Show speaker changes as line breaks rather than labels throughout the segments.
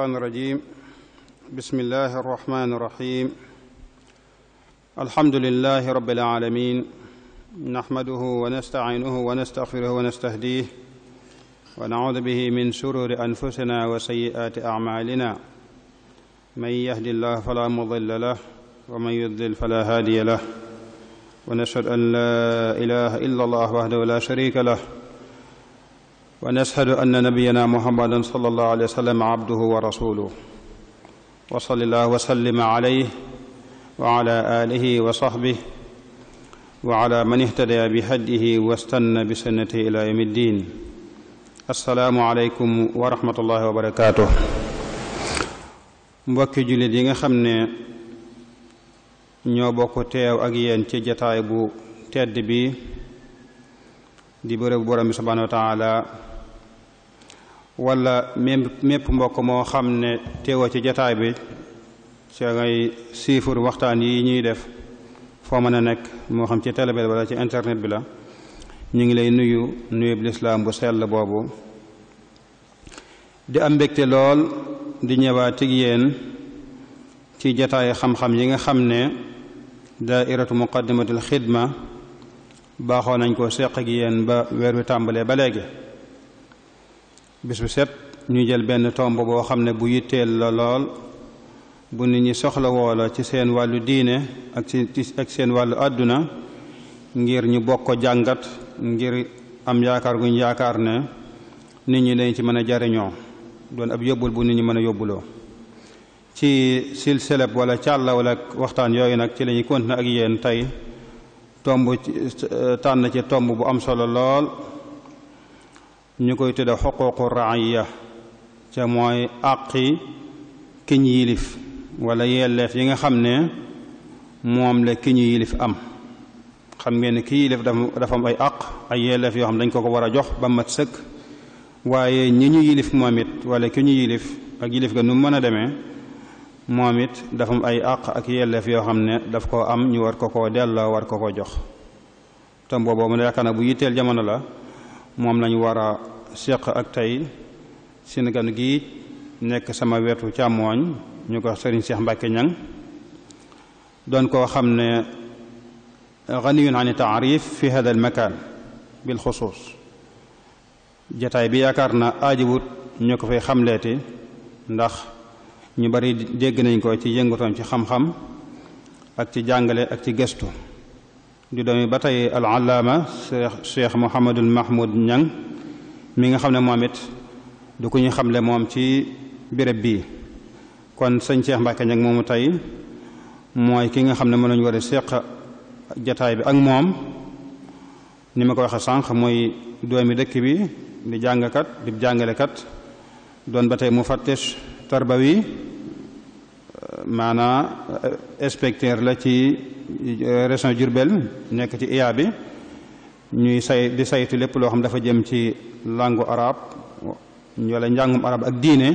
الشيطان الرجيم بسم الله الرحمن الرحيم الحمد لله رب العالمين نحمده ونستعينه ونستغفره ونستهديه ونعوذ به من شرور انفسنا وسيئات اعمالنا من يهد الله فلا مضل له ومن يضلل فلا هادي له ونشهد ان لا اله الا الله وحده لا شريك له ونشهد أن نبينا محمدا صلى الله عليه وسلم عبده ورسوله وصلى الله وسلم عليه وعلى آله وصحبه وعلى من اهتدى بهديه واستنى بسنته إلى يوم الدين السلام عليكم ورحمة الله وبركاته مبكى جلدين خمنا nga xam أجيان ñoo bokk دي ak yéen ci jataay wala mépp mépp mbokk moo xam ne teewoo ci jataay bi ca ngay siifur waxtaan yi ñuy def foo mën a nekk moo xam ci télé bi wala ci internet bi la ñu ngi lay nuyu nuyub lislaam bu sell boobu di am mbégte lool di ñëwaat ak yéen ci jataay xam-xam yi nga xam ne daairatu muqaddamatul xidma baaxoo nañ ko seq ak yéen ba weer wi tàmbalee ba léegi bis bu set ñu jël benn tomb boo xam ne bu yitteel la lool bu nit ñi soxla ci seen wàllu diine ak ci seen wàllu àdduna ngir ñu bokk jàngat ngir am yaakaar guñ yaakaar ne nit ñi dañ ci mën a jariñoo doon ab yóbbul bu nit ñi mën a yóbbuloo ci silsilab wala càlla wala waxtaan yooyu nag ci la ñuy continuer ak yéen tey tomb tànn ci tomb bu am solo lool ñukoy koy tudde xuquuqu raaya ca moy àqi kiñ yilif wala yelef yi nga xamne mom la kiñ yilif am xam ngeen ki yilif dafa am ay àq ay yelef yo xam dañ ko ko wara jox ba mat seuk waye ñi ñu yilif momit wala kiñ yilif ak yilif ga nu mëna démé momit dafa am ay àq ak yelef yo xamne daf ko am ñu war ko ko delloo war ko ko jox tam bobo mu yakana bu yitteel jamono la moom lañu war a séq ak tey seen gan gi nekk sama wetu càmmooñ ñu ko sëriñ Cheikh Mbacke Niang doon koo xam ne ganiyun ani taarif fi hada al makaan bil xusuus jataay bi yaakaar na aajibut ñu ko fay xamleeti ndax ñu bari dégg nañ ko ci yëngatoon ci xam-xam ak ci jàngale ak ci gëstu di doomi ba tey al allaama cheikh cheikh Mouhamadul Mahmoud Niang mi nga xam ne moom it du ku ñu xamle moom ci béréb bii kon sëñ Cheikh Mbacke Niang moomu tey mooy ki nga xam ne mën nañu war a seq jataay bi ak moom ni ma ko waxee sànq mooy doomi dëkk bi di jàngkat di jàngalekat doon ba tey mu fattish tarbawi maanaa euh, inspecteur la ci euh, région Diourbel nekk ci IA bi ñuy say di saytu lépp loo xam dafa jëm ci langue arabe wala njàngum arabe ak diine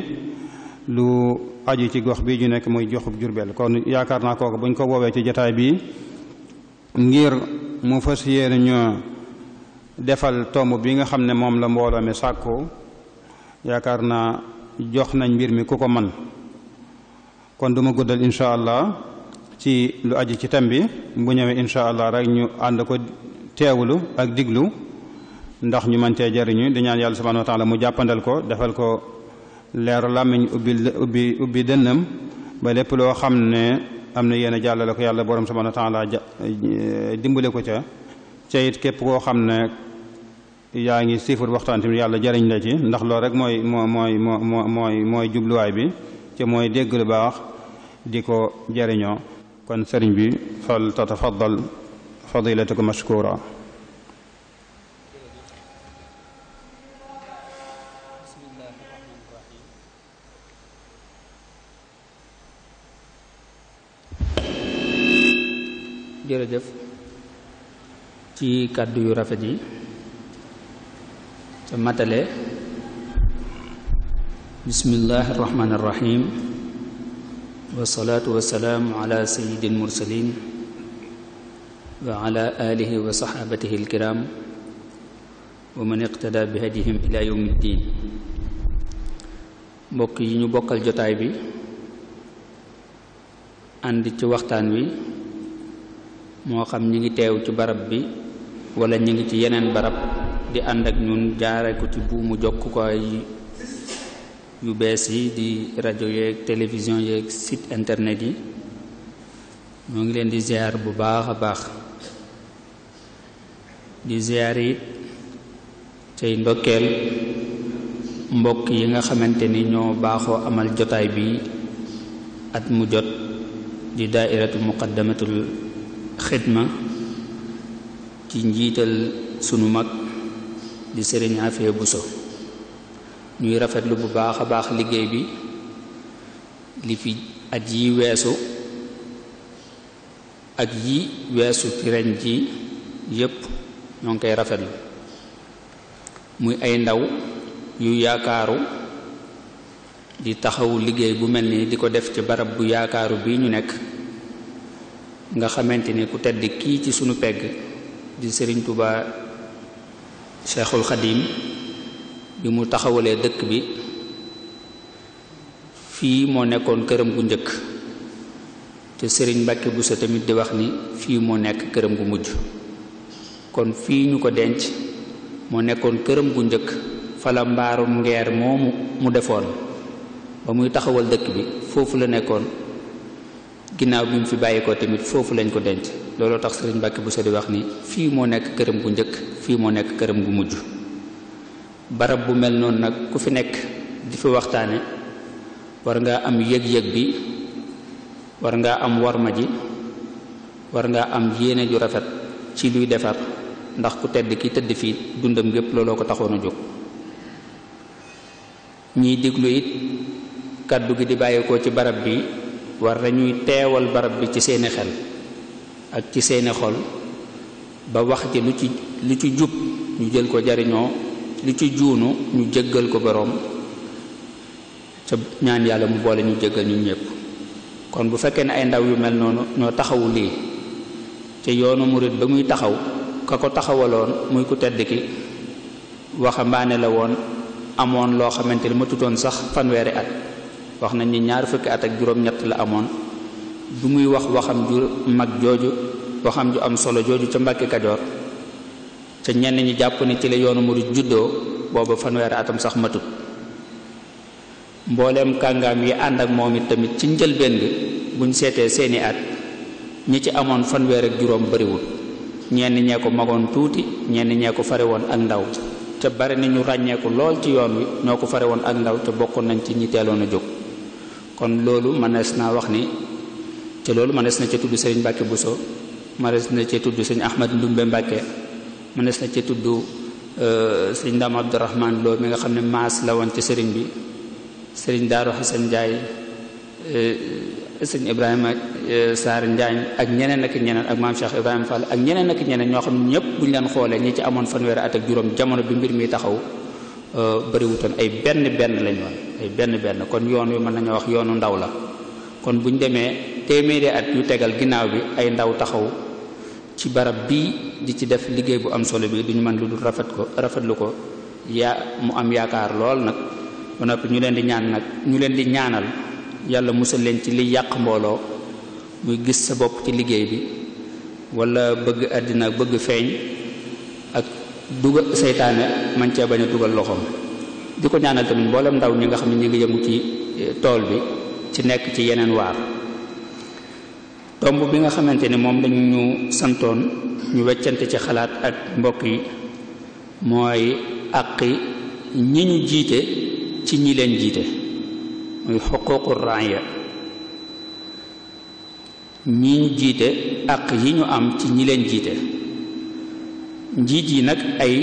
lu aju ci gox bii ñu nekk muy joxub Diourbel kon yaakaar naa kooku buñ ko woowee ci jataay bi ngir mu fas yéene ñu defal tomb bi nga xam ne moom la mbooloo mi sàkku yaakaar naa jox nañ mbir mi ku ko man kon duma guddal incha allah ci lu aju ci thème bi bu ñëwee incha allah rek ñu ànd ko teewlu ak diglu ndax ñu mën cee jariñu di yàlla subhanahu wa mu jàppandal ko defal ko leeru làmmiñ ubbi ubbi ubbi dënnam ba lépp loo xam ne am na yéen a jàllale ko yàlla borom subhanahu wa taala eh, dimbale ko ca ca it képp koo xam ne yaa ngi siifur waxtaan tamit yàlla jariñ la ci ndax loolu rek mooy moo mooy moo mooy mooy jubluwaay bi ca mooy dégg lu baax di ko jariñoo kon sëriñ bi fal tatafaddal fadilatuka mashkura
jërëjëf ci kàddu yu rafet yi te matale bismillahi rahmaani rahim wasalaatu salaam ala sayidi almursalin wa ala alihi wa saxaabatihi alkiram wa man iqtada bi hadihim ila yawmi ddin mbokk yi ñu bokkal jotaay bi ànd ci waxtaan wi moo xam ñi ngi teew ci barab bi wala ñi ngi ci yeneen barab di ànd ak ñun jaare ko ci buumu jokkukaay yu bees yi di rajo yeeg télévision yeeg site internet yi ñoo ngi leen di ziar bu baax a baax di ziar it tey ndokkeel mbokk yi nga xamante ni ñoo baaxoo amal jotaay bi at mu jot di daairatu muqaddamatul xidma ci njiital sunu mag di sëriñ Afee Buso ñuy rafetlu bu baax a baax liggéey bi li fi at yi weesu ak yi weesu ci ren ji yépp ñoo ngi koy rafetlu muy ay ndaw yu yaakaaru di taxawul liggéey bu mel ni di ko def ci barab bu yaakaaru bii ñu nekk nga xamante ni ku tedd kii ci suñu pegg di Sëriñ Tuubaa Seexul Xadiim bi mu taxawalee dëkk bi fii moo nekkoon këram gu njëkk te sëriñ Mbàkke Buso tamit di wax ni fii moo nekk këram gu mujj kon fii ñu ko denc moo nekkoon këram gu njëkk fala mbaarum ngeer moomu mu defoon ba muy taxawal dëkk bi foofu la nekkoon ginnaaw bi mu fi bàyyi ko tamit foofu lañ ko denc looloo tax sëriñ Mbàkke Buso di wax ni fii moo nekk këram gu njëkk fii moo nekk këram gu mujj barab bu mel non nak ku fi nek di fi waxtane war nga am yeg yeg bi war nga am warma ji war nga am yene ju rafet ci luy defar ndax ku tedd ki tedd fi dundam gep lolo ko taxono a ñi ñiy it kaddu gi di bàyyeekoo ci barab bi war nañuy teewal barab bi ci seeni xel ak ci seeni xol ba wax ci lu ci lu ci jup ñu jël ko jariño lu ci juunu ñu jëggal ko boroom ca ñaan yàlla mu boole ñu jéggal ñu ñépp kon bu fekkee ne ay ndaw yu mel noonu ñoo taxawu lii ca yoonu murit ba muy taxaw ka ko taxawaloon muy ko tedd ki waxambaane la woon amoon loo xamante ni ma tutoon sax fanweeri at wax nañ ni ñaar fukki at ak juróom-ñett la amoon bu muy wax waxam ju mag jooju waxam ju am solo jooju ca Mbàkke Kajoor te ñenn ñi japp ni ci la yoonu murid judo fan fanweeri atam sax matut mbollem kangam yi and ak moom tamit ci njëlbeen bi buñ sété seeni at ñi ci fan fanweer ak bari wul ñenn ñee ko magoon tuuti ñenn ñee ko faré won ak ndaw te bari ni ñu ràññeeku lool ci yoon wi ñoo ko ak ndaw te nañ ci ñi kon loolu manes na wax ni te loolu manes na ci tuddu serigne mbacke Buso manes na ci tuddu serigne Ahmad Ndumbe mbacke mënees na ci tudd euh, sëriñ Ndam Abdourahman Lo mi nga xam ne maas la woon ci sëriñ bi sëriñ Daaru Xasan Njaay euh, sëriñ Ibrahima euh, Saar Njaay ak ñeneen ak ñeneen ak maam Cheikh Ibrahima Fall ak ñeneen ak ñeneen ñoo xam ne ñëpp ñu leen xoolee ñi ci amoon fanweeri at ak juróom jamono bi mbir mi taxaw bëriwutoon ay benn benn lañu woon ay benn benn kon yoon wi mën nañoo wax yoonu ndaw la kon buñ demee téeméeri at yu tegal ginnaaw bi ay ndaw taxaw ci barab bii di ci def liggéey bu am solo bi duñu mën lu dul rafet ko rafetlu ko yaa mu am yaakaar lool nag ba noppi ñu leen di ñaan nag ñu leen di ñaanal yàlla musal leen ci li yàq mbooloo muy gis sa bopp ci liggéey bi wala bëgg àddina bëgg feeñ ak dugal seytaane man cee bañ a dugal loxoom di ko ñaanal tamit mboolem ndaw ñi nga xam ne ñu ngi yëngu ci eh, tool bi ci nekk ci yeneen waar tomb bi nga xamante ni moom lañu ñu santoon ñu weccante ci xalaat ak mbokk yi mooy àqi ñi ñu jiite ci ñi leen jiite muy xuququ raaya ñi ñu jiite àq yi ñu am ci ñi leen jiite njiit yi nag ay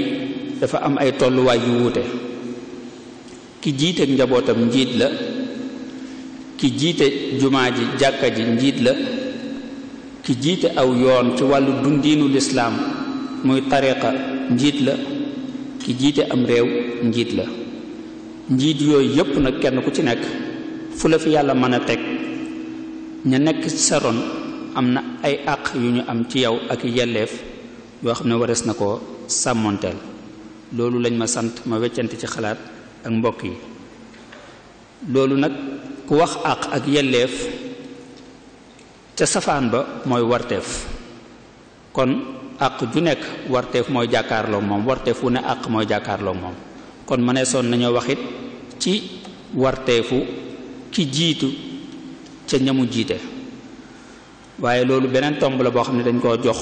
dafa am ay tolluwaay yu wuute ki jiite njabootam njiit la ki jiite jumaa ji jàkka ji njiit la ki jiite aw yoon ci wàllu dundiinu lislaam muy tariqa njiit la ki jiite am réew njiit la njiit yooyu yépp nag kenn ku ci nekk fu la fi yàlla mën a teg ña nekk ci sa am na ay àq yu ñu am ci yow ak yelleef yoo xam ne warees na koo sàmmonteel loolu lañ ma sant ma weccante ci xalaat ak mbokk yi loolu nag ku wax àq ak yelleef ca safaan ba mooy warteef kon àq ju nekk warteef mooy jàkkaarloog moom warteefu wu ne àq mooy jàkkaarloog moom kon ma ne soon nañoo wax it ci warteefu ki jiitu ca ñamu jiite waaye loolu beneen tomb la boo xam ne dañ koo jox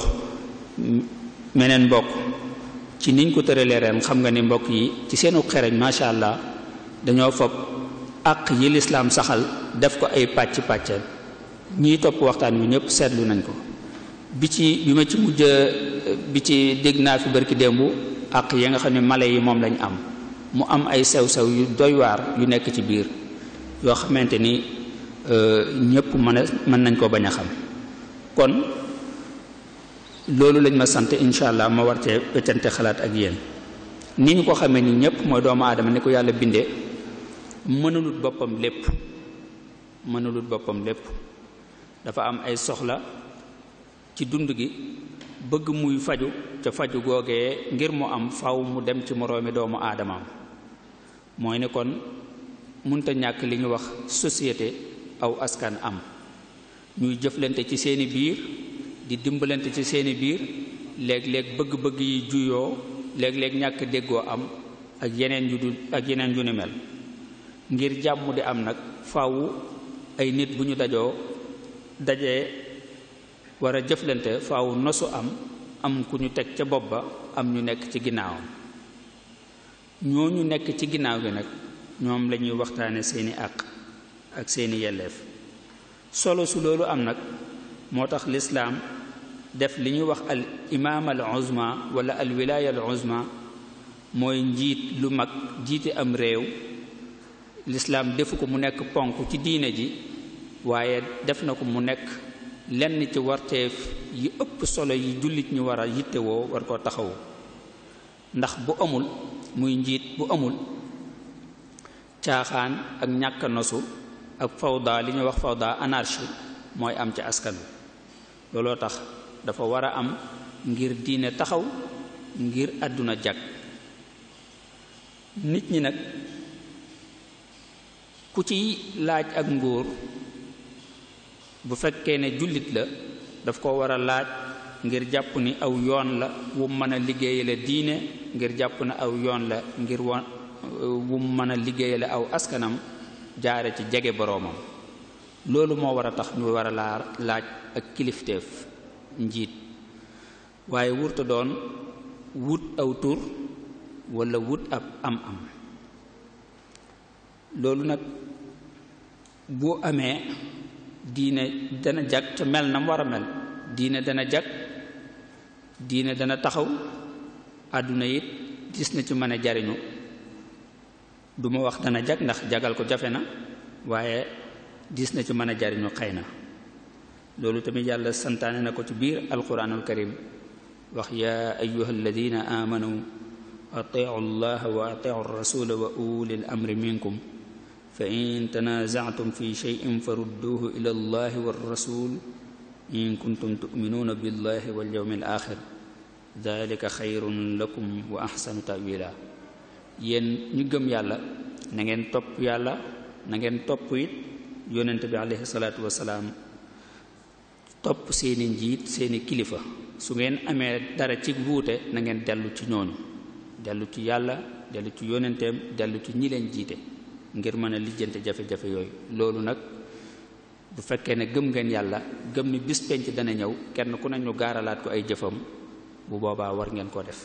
meneen mbokk ci niñ ko tëralee ren xam nga ni mbokk yi ci seenu xereñ macha allah dañoo fob àq yi lislaam saxal def ko ay pàcc pàccal ñiy topp waxtaan wi ñëpp seetlu nañ ko bi ci bi ma ci mujj bi ci dégg naa fi barki démb ak ya nga xam ne mala yi moom lañu am mu am ay sew-sew yu doy waar yu nekk ci biir yoo xamante ni euh, ñëpp mën a mën nañ ko bañ a xam kon loolu lañ ma sant incha allah ma war cee xalaat ak yéen ni ko xamee ni ñëpp mooy doomu aadama ni ko yàlla binde mënulut boppam lépp mënulut boppam lépp dafa am ay soxla ci dund gi bëgg muy faju ca faju googe ngir mu am faw mu dem ci moroomi doomu aadamaam mooy ne kon munta ñàkk li ñu wax société aw askan am ñuy jëflante ci seeni biir di dimbalante ci seeni biir léeg-léeg bëgg-bëgg yi juyoo léeg-léeg ñàkk déggoo am ak yeneen yu ak yeneen yu ni mel ngir jàmm di am nag faaw ay nit bu ñu dajoo daje wara jëflante faw nosu am am ku ñu teg ca bopp ba am ñu nekk ci ginnaawam ñu nekk ci ginnaaw gi nag ñoom lañuy ñuy waxtaane seeni àq ak seeni yelleef solo su loolu am nag moo tax lislaam def li ñuy wax al imaam al uzma wala al wilaaya al uzma mooy njiit lu mag jiite am réew lislaam defu ko mu nekk ponk ci diine ji waaye def na ko mu nekk lenn ci warteef yi ëpp solo yi jullit ñu war a yittewoo war koo taxawu ndax bu amul muy njiit bu amul caaxaan ak ñàkk nosu ak fawda li ñuy wax fawda anarchie mooy am ci askan wi looloo tax dafa war a am ngir diine taxaw ngir àdduna jag nit ñi nag ku ci laaj ak nguur bu fekkee ne jullit la daf ko war a laaj ngir jàpp ni aw yoon la wum mën a liggéeyale diine ngir jàpp ne aw yoon la ngir won wum mën a liggéeyale aw askanam jaare ci jege boroomam loolu moo war a tax ñu war a laa laaj ak kilifteef njiit waaye wurta doon wut aw tur walla wut ab am-am loolu nag boo amee diine dana jag te mel na mu war a mel diine dana jag diine dana taxaw àdduna yit gis na ci mën a jariñu du ma wax dana jag ndax jagal ko jafe na waaye gis na ci mën a jariñu xëy na loolu tamit yàlla santaane na ko ci biir alquranul karim wax yaa ayuha alladina amanu atiu allah wa atiu rasula wa ulil amri minkum فإن تنازعتم في شيء فردوه إلى الله والرسول إن كنتم تؤمنون بالله واليوم الآخر ذلك خير لكم وأحسن تأويلا ين نجم يالا نجن توب يالا نجن توب ويت يوننتبي عليه الصلاة والسلام توب سين جيت سين كلفة سوين أمي دارتك بوته نجن دلو تنون يالا تيالا دلو تيوننتم دلو تنيلن جيته ngir mën a lijjante jafe-jafe yooyu loolu nag bu fekkee ne gëm ngeen yàlla gëm ni bis penc dana ñëw kenn ku nañu gaaralaat ko ay jëfam bu boobaa war ngeen koo def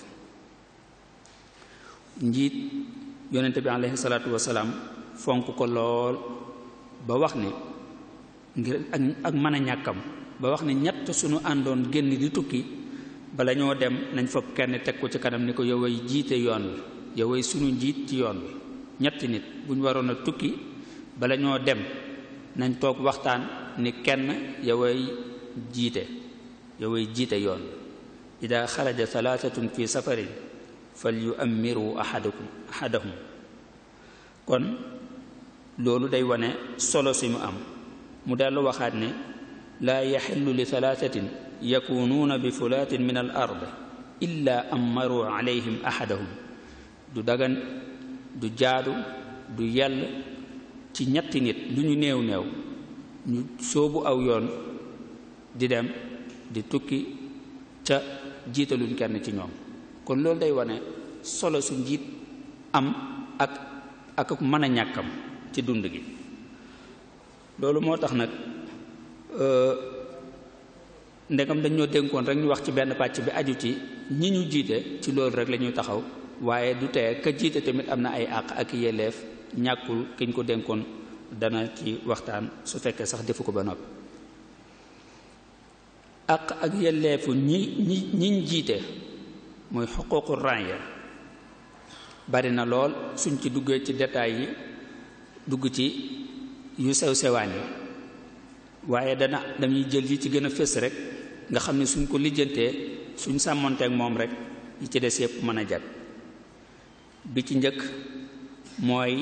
njiit yonente bi aleyhi salaatu wasalaam fonk ko lool ba wax ni ngir ak mën a ñàkkam ba wax ni ñett suñu àndoon génn di tukki bala ñoo dem nañ fab kenn teg ko ci kanam ni ko yoway jiite yoon wi yoway sunu njiit ci yoon wi ñett nit bu ñu tukki bala ñoo dem nañ tok waxtaan ni kenn yaway jité yaway jité yoon ida kharaja thalathatun fi safarin falyu'ammiru ahadukum ahadahum kon lolu day wone solo simu am mu dal waxat ne la yahillu li thalathatin yakununa bi fulatin min al ard illa amaru alayhim ahadahum du dagan du jaadu du yell ci ñetti nit lu ñu néew néew ñu soobu aw yoon di dem di tukki ca jiitaluñ kenn ci ñoom kon loolu day wane solo su njiit am ak ak ak mën a ñàkkam ci dund gi loolu moo tax nag euh, ndegam dañ ñoo dénkoon rek ñu wax ci benn pàcc bi aju ci ñi ñu jiite ci loolu rek lañuy taxaw waaye du tee ka jiite tamit am na ay àq ak yelleef ñàkkul kiñ ko dénkoon dana ci waxtaan su fekkee sax defu ko ba noppi àq ak yelleefu ñi ñi ñiñ jiite mooy xuquuqu raaya bari na lool suñ ci duggee ci detaay yi dugg ci yu sew sewaan yi waaye dana dañuy jël yi ci gën a fés rek nga xam ne suñ ko lijjantee suñ sàmmoonteek moom rek yi ci des yépp mën a jag bi ci njëkk mooy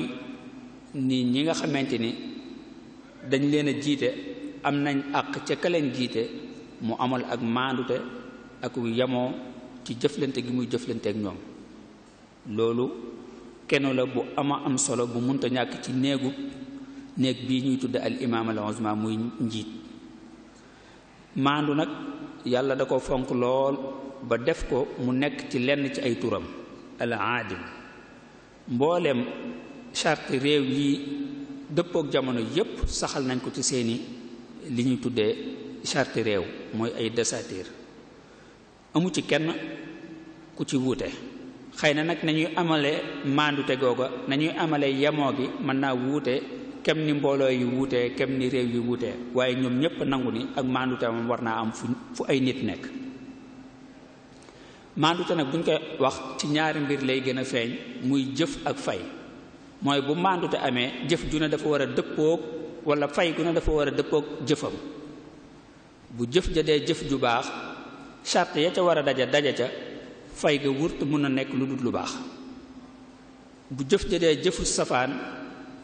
nit ñi nga xamante ni dañ leen a jiite am nañ àq ca ka jiite mu amal ak maandute ak yamoo ci jëflante gi muy jëflante ak ñoom loolu kenn la bu ama am solo bu munta ñàkk ci néegu néeg bii ñuy tudde al imaam al uzma muy njiit maandu nag yàlla da ko fonk lool ba def ko mu nekk ci lenn ci ay turam al aadil mboolem charte réew yi dëppook jamono yépp saxal nañ ko ci seeni li ñuy tuddee charte réew mooy ay desatir amu ci kenn ku ci wuute xëy na nag nañuy amale maandute googa nañuy amale yemoo gi mën naa wuute kem ni mbooloo yi wuute kem ni réew yi wuute waaye ñoom ñépp nangu ni ak maandute moom war naa am fu fu ay nit nekk maandute nag buñ koy wax ci ñaari mbir lay gën a feeñ muy jëf ak fay mooy bu maandute amee jëf ju ne dafa war a dëppoog wala fay gu ne dafa war a dëppoog jëfam bu jëf ja dee jëf ju baax charte yee ca war a daja daja ca fay ga mën a nekk lu dul lu baax bu jëf ja dee jëfu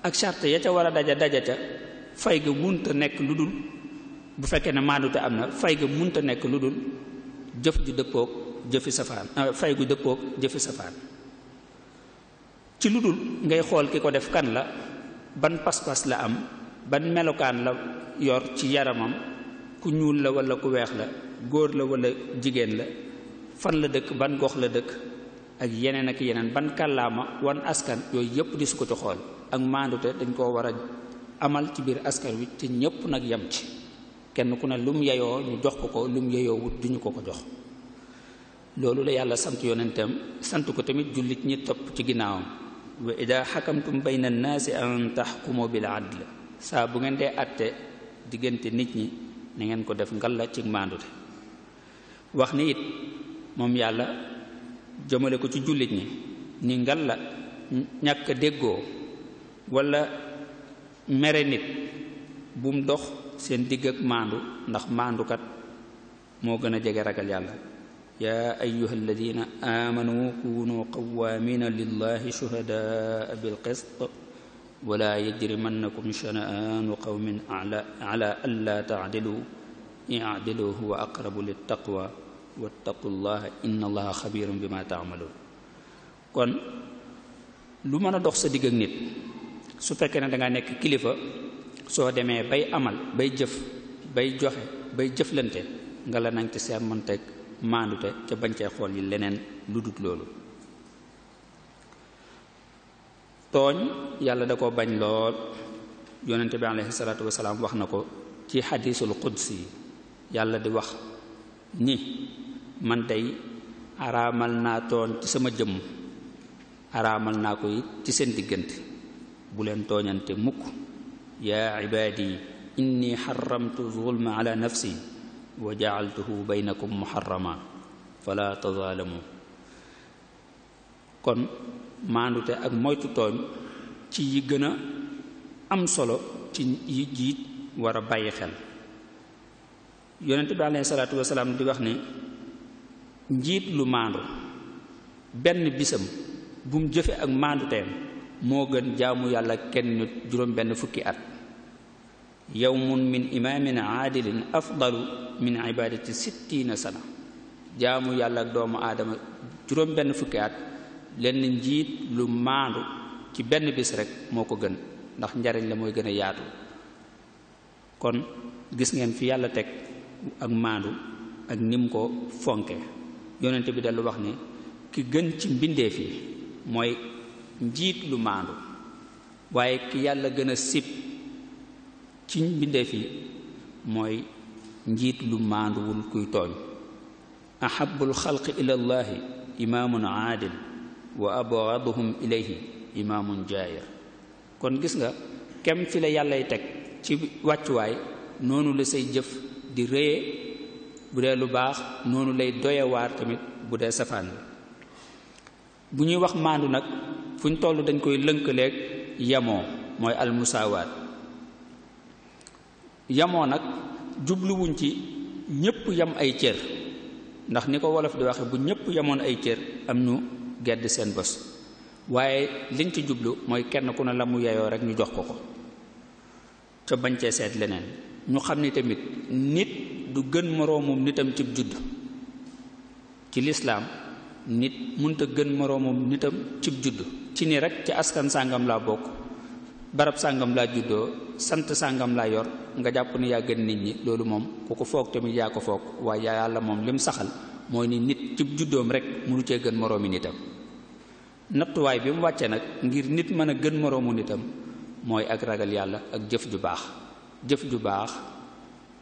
ak charte ya war a daja daja ca fay ga munta nekk lu dul bu fekkee ne maandute am na fay ga munta nekk lu dul jëf ju dëppoog jëfi safaan ah, fay gu dëppoog jëfi safaan ci lu dul ngay xool ki ko def kan la ban pas-pas la am ban melokaan la yor ci yaramam ku ñuul la walla ku weex la góor la walla jigéen la fan la dëkk ban gox la dëkk ak yeneen ak yeneen ban kàllaama wan askan yooyu yépp di su ko ci xool ak maandute dañ koo war a amal ci biir askan wi te ñépp nag yam ci kenn ku ne lum yeyoo ñu jox ko ko lum yeyoo wut duñu ko ko jox loolu la yàlla sant yonentam sant ko tamit jullit ñi topp ci ginnaawam wa ida xakamtum bayna annaasi an taxkumu bil adl saa bu ngeen dee atte diggante nit ñi na ngeen ko def la ci maandute wax ni it moom yàlla jëmale ko ci jullit ñi ni la ñàkk déggoo wala mere nit bu mu dox seen digg ak maandu ndax maandukat moo gën a jege ragal yàlla يا أيها الذين آمنوا كونوا قوامين لله شهداء بالقسط ولا يجرمنكم شنآن قوم على ألا تعدلوا اعدلوا هو أقرب للتقوى واتقوا الله إن الله خبير بما تعملون كون لو مانا دوخ سديغ نيت سو فكنا دا نيك كليفا سو ديمي باي عمل باي جف باي جوخه باي جفلنتي غالا نانتي سامنتك maandute ca bañ cee xool yi leneen lu dut loolu tooñ yàlla da ko bañ lool yonente bi alayhi salaatu wasalaam wax na ko ci xadiisul qudsi yàlla di wax ni man tey araamal naa tooñ ci sama jëmm araamal naa ko it ci seen diggante buleen leen tooñante mukk yaa ibaadi inni xaramtu zulma ala nafsi wa jacaltuhu baynakum muharrama fala tazaalamu kon maandute ak moytu tooñ ci yi gën a am solo ci yi jiit war a bàyyi xel yonent bi alayhi salaatu wasalaam di wax ni njiit lu maandu benn bisam bu mu jëfe ak maanduteem moo gën jaamu yàlla kenn nit juróom benn fukki at yow yowmun min imaamin aadilin afdalu min ibadati sittina sana jaamu yàlla ak doomu aadama juróom benn fukki at lenn njiit lu maandu ci benn bis rekk moo ko gën ndax njariñ la mooy gën a yaatu kon gis ngeen fi yàlla teg ak maandu ak nim ko fonke yonente bi dellu wax ni ki gën ci mbindeef yi mooy njiit lu maandu waaye ki yàlla gën sib ci mbindeef yi mooy njiit lu maanduwul kuy tooñ ahabul xalqi ila llahi imaamun aadil wa abraduhum ilayhi imaamun jaayir kon gis nga kem fi la yàllay teg ci wàccuwaay noonu la say jëf di rëye bu dee lu baax noonu lay doyewaar tamit bu dee safaan la bu ñuy wax maandu nag fu ñu toll dañ koy lënkaleeg yamoo mooy almusaawaat yamoo nag jubluwuñ ci ñépp yam ay cër ndax ni ko wolof di waxe bu ñépp yamoon ay cër am ñu gedd seen bos waaye liñ ci jublu mooy kenn ku ne la mu yeyoo rek ñu jox ko ko ca bañ cee seet leneen ñu xam ni tamit nit du gën moroomum nitam cib juddu ci lislaam nit munta gën moroomum nitam cib juddu ci ni rek ci askan sàngam laa bokk barab sangam la judo sante sangam la yor nga japp ni yaa gën nit ñi lolu mom ku ko tamit ya ko wa ya yalla mom lim saxal moy ni nit judo juddoom rek lu moro gën moroomi nitam way bi mu wacce nak ngir nit mëna a gën moroomu nitam moy ak ragal yalla ak jëf ju baax jëf ju baax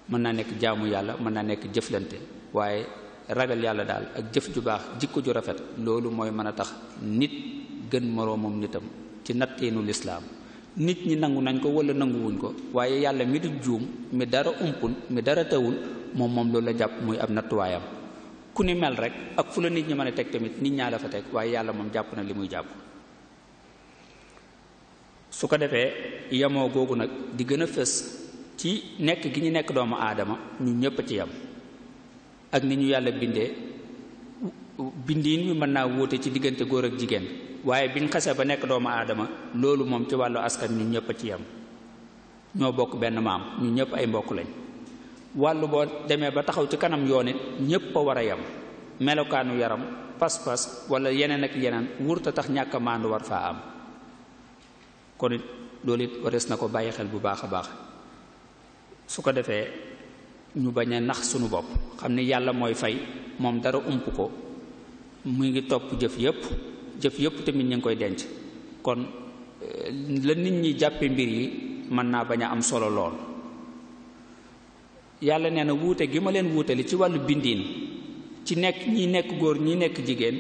mën na nek jaamu yalla mën na nek jëflante waye ragal yalla dal ak jëf ju baax jikko ju rafet lolu moy mëna tax nit gën moroomam nitam ci natteenu l'islam nit ñi nangu nañ ko wala nanguwuñ ko waaye yàlla mi du juum mi dara umpun mi dara tawul moom moom loolu la jàpp muy ab nattuwaayam ku ni mel rek ak fu la nit ñi mën a teg tamit nit ñaa la fa teg waaye yàlla moom jàpp na li muy jàpp su ko defee yemoo googu nag di gën a fës ci nekk gi ñu nekk doomu aadama ñu ñëpp ci yam ak ni ñu yàlla bindee bindiin bi mën naa wóote ci diggante góor ak jigéen waaye biñ xasee ba nekk doomu aadama loolu moom ci wàllu askan ñun ñëpp ci yem ñoo bokk benn maam ñun ñëpp ay mbokk lañ wàll boo demee ba taxaw ci kanam yoon it ñëpp a war a yem melokaanu yaram pas-pas wala yeneen ak yeneen wurta tax ñàkk a war faa am kon loolu it warees na ko bàyyi xel bu baax a baax su ko defee ñu bañ a nax sunu bopp xam ni yàlla mooy fay moom dara ump ko mu ngi topp jëf yépp jëf yëpp tamit ñu ngi koy denc kon eh, la nit ñi jàppe mbir yi mën naa bañ a am solo lool yàlla nee na wuute gi ma leen wuutali ci wàllu bindiin ci nekk ñi nekk góor ñi nekk jigéen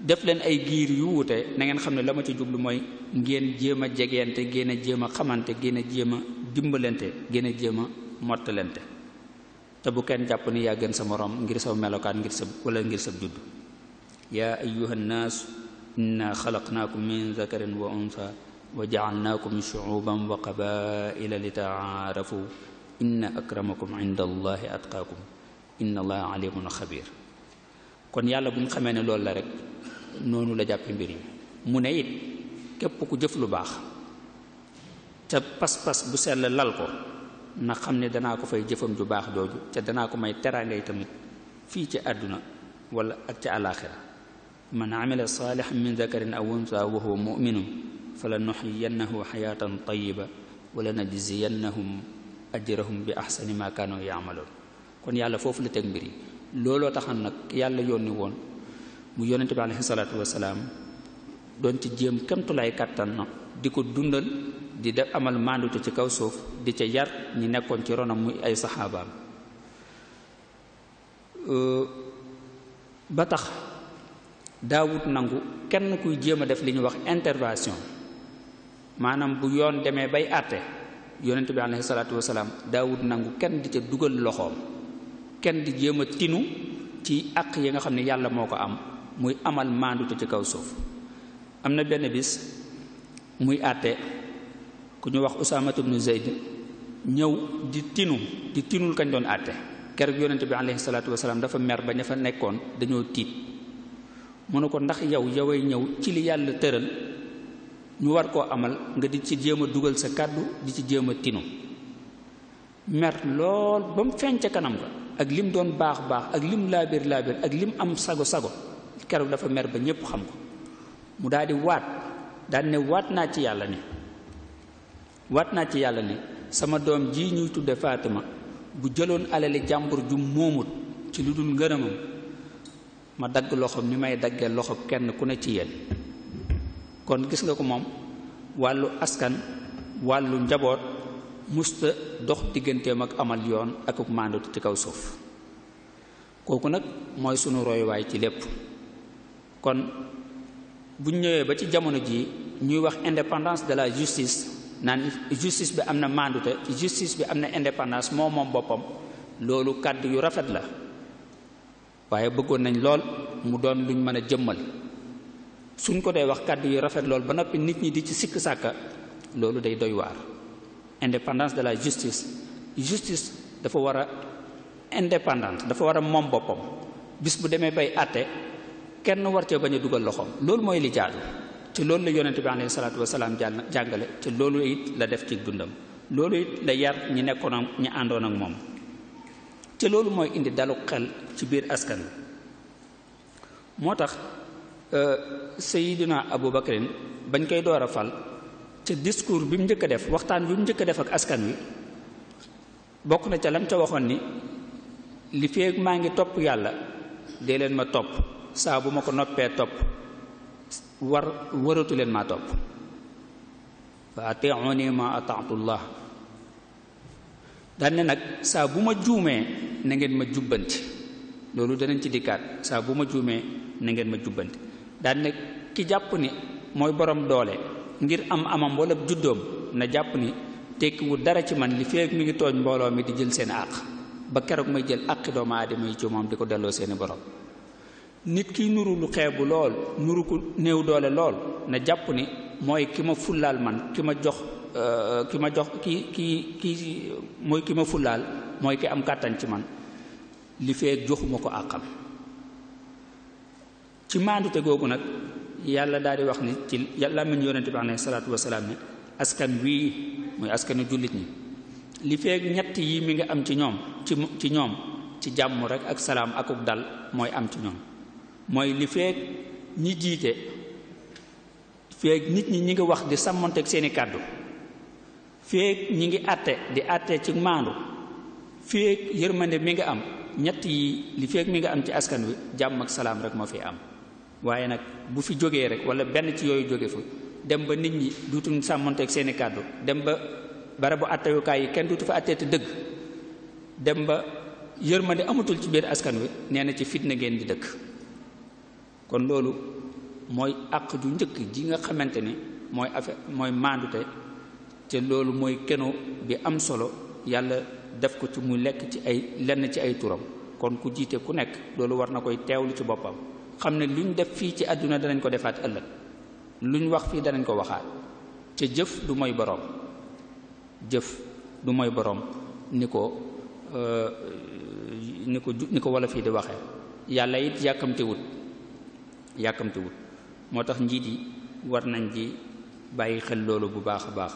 def leen ay giir yu wuute na ngeen xam ne ci jublu mooy ngeen jéem a jegeente ngeen a jéem a xamante ngeen a jéem a dimbalante ngeen a jéem a mottalante te bu kenn jàpp ni yaa gën sa moroom ngir sa melokaan ngir sa wala ngir sa judd yaa ayyuhan nas إنا خلقناكم من ذكر وأنثى وجعلناكم شعوبا وقبائل لتعارفوا إن أكرمكم عند الله أتقاكم إن الله عليم خبير كون يالا بن خمان لول رك نونو لا جابي مبري مونيت كيب كو جيف لو باخ تا باس باس بو سيل لال كو نا خامني دانا كو فاي جيفم جو باخ دوجو تا دانا كو ماي تيرانغي تامت في تي ادنا ولا اك تي الاخره من عمل صالحا من ذكر أو أنثى وهو مؤمن فلنحيينه حياة طيبة ولنجزينهم أجرهم بأحسن ما كانوا يعملون كون يالا فوف لا تكبري لولو تخان نك يالا يوني وون مو يونت بي عليه الصلاه والسلام دون تي جيم كم تولاي كاتان نك ديكو دوندال دي دا عمل ماندو تي كاو سوف دي تي يار ني نيكون تي رونا مو اي صحابه ا أه با تخ daawut nangu kenn kuy jéem a def li ñuy wax intervention maanaam bu yoon demee bay àtte yonent bi alayhi salaatu wasalaam daawut nangu kenn di ca dugal loxoom kenn di jéem a tinu ci àq yi nga xam ne yàlla moo ko am muy amal maandute ci kaw suuf am na benn bis muy àtte ku ñu wax usaamatu bnu zeyd ñëw di tinu di tinul kañ doon àtte keroog yonent bi alayhi salaatu wasalaam dafa mer ba ñu fa nekkoon dañoo tiit mu ne ko ndax yow yoway ñëw ci li yàlla tëral ñu war koo amal nga di ci jéem a dugal sa kàddu di ci jéem a tinu mer lool ba mu feeñ ca kanam ga ak mu doon baax baax ak li lim laabir laabir ak lim am sago sago keroog dafa mer ba ñépp xam ko mu daldi waat daal ne waat naa ci yàlla ne waat naa ci yàlla ne sama doom ji ñuy tudde Fatima bu jëloon alali jàmbur jum moomut ci lu dul ngërëmam ma dagg loxoom ni may daggee loxo kenn ku ne ci yéen kon gis nga ko moom wàllu askan wàllu njaboot musta dox digganteem ak amal yoon ak ak màndutu ci kaw suuf kooku nag mooy sunu royuwaay ci lépp kon bu ñëwee ba ci jamono ji ñuy wax indépendance de la justice naan justice bi am na màndute justice bi am na indépendance moo moom boppam loolu kàddu yu rafet la waaye bëggoon nañ lool mu doon luñ mën a jëmmal suñ ko dee wax kàddu yi rafet lool ba noppi nit ñi di ci sikk sàkka loolu day doy waar indépendance de la justice justice dafa war a indépendante dafa war a moom boppam bis bu demee bay àtte kenn war cee bañ a dugal loxoom loolu mooy li jaadu te loolu la yonent bi alayhi salaatu wasalaam jàngale te loolu it la def ci dundam loolu it la yar ñi nekkoon ak ñi àndoon ak moom te loolu mooy indi dalu xel ci biir askan wi moo tax abou bakrin bañ koy door a fal ca discours bi mu njëkk a def waxtaan bi mu njëkk a def ak askan wi bokk na ca lam ca waxoon ni li feeg maa ngi topp yàlla dee leen ma topp saa bu ma ko noppee topp war waratu leen maa topp fa atiuni ma ataatullah daan nag saa bu ma juumee na ngeen ma jubbanti loolu danañ ci dikkaat saa bu ma juumee na ngeen ma jubbanti daan ne ki jàpp ni mooy borom doole ngir am amam wala juddoom na jàpp ni tekkiwul dara ci man li feek mu ngi tooñ mbooloo mi di jël seen àq ba keroog may jël àqi doomu aadama yi ci moom di ko delloo seeni borom nit kiy nuru lu xeebu lool nuru ku néew doole lool na jàpp ni mooy ki ma fullaal man ki ma jox Euh, ki ma jox ki ki ki mooy ki ma fullaal mooy ki am kàttan ci man li fee joxuma ko àqam ci maandute googu nag yàlla daal di wax ni ci yàlla mën yonente bi alayhi salaatu wasalaam ni askan wii muy askanu jullit ñi li fee ñett yi mi ngi am ci ñoom ci ñoom ci jàmm rek ak salaam akuk dal mooy am ci ñoom mooy li feeg ñi jiite feeg nit ñi ñi ngi wax di sàmmonteeg seeni kàddu feek ñi ngi atté di atté ci mano. feek yermande mi nga am ñet yi li feek mi nga am ci askan wi jàmm ak salam rek fi am waye nak bu fi joggé rek wala benn ci yoyu joggé fu dem ba nit ñi samonté ak seen cadeau dem ba barabu yu kay ken dutu fa atté te deug dem ba yermande amatul ci biir askan wi nee ci fitna gën di jinga kon lolu moy ak ju ñëk ji nga xamanteni moy affaire te loolu mooy keno bi am solo yàlla def ko ci mu lekk ci ay lenn ci ay turam kon ku jiite ku nekk loolu war na koy teewlu ci boppam xam ne luñ def fii ci àdduna danañ ko defaat ëllëg ñu wax fii danañ ko waxaat ca jëf du mooy boroom jëf du mooy boroom ni ko euh, ni ko ni ko walla fii di waxee yàlla it yàkkamtewut yàkkamtewut moo tax njiit yi war nañ di bàyyi xel loolu bu baax baax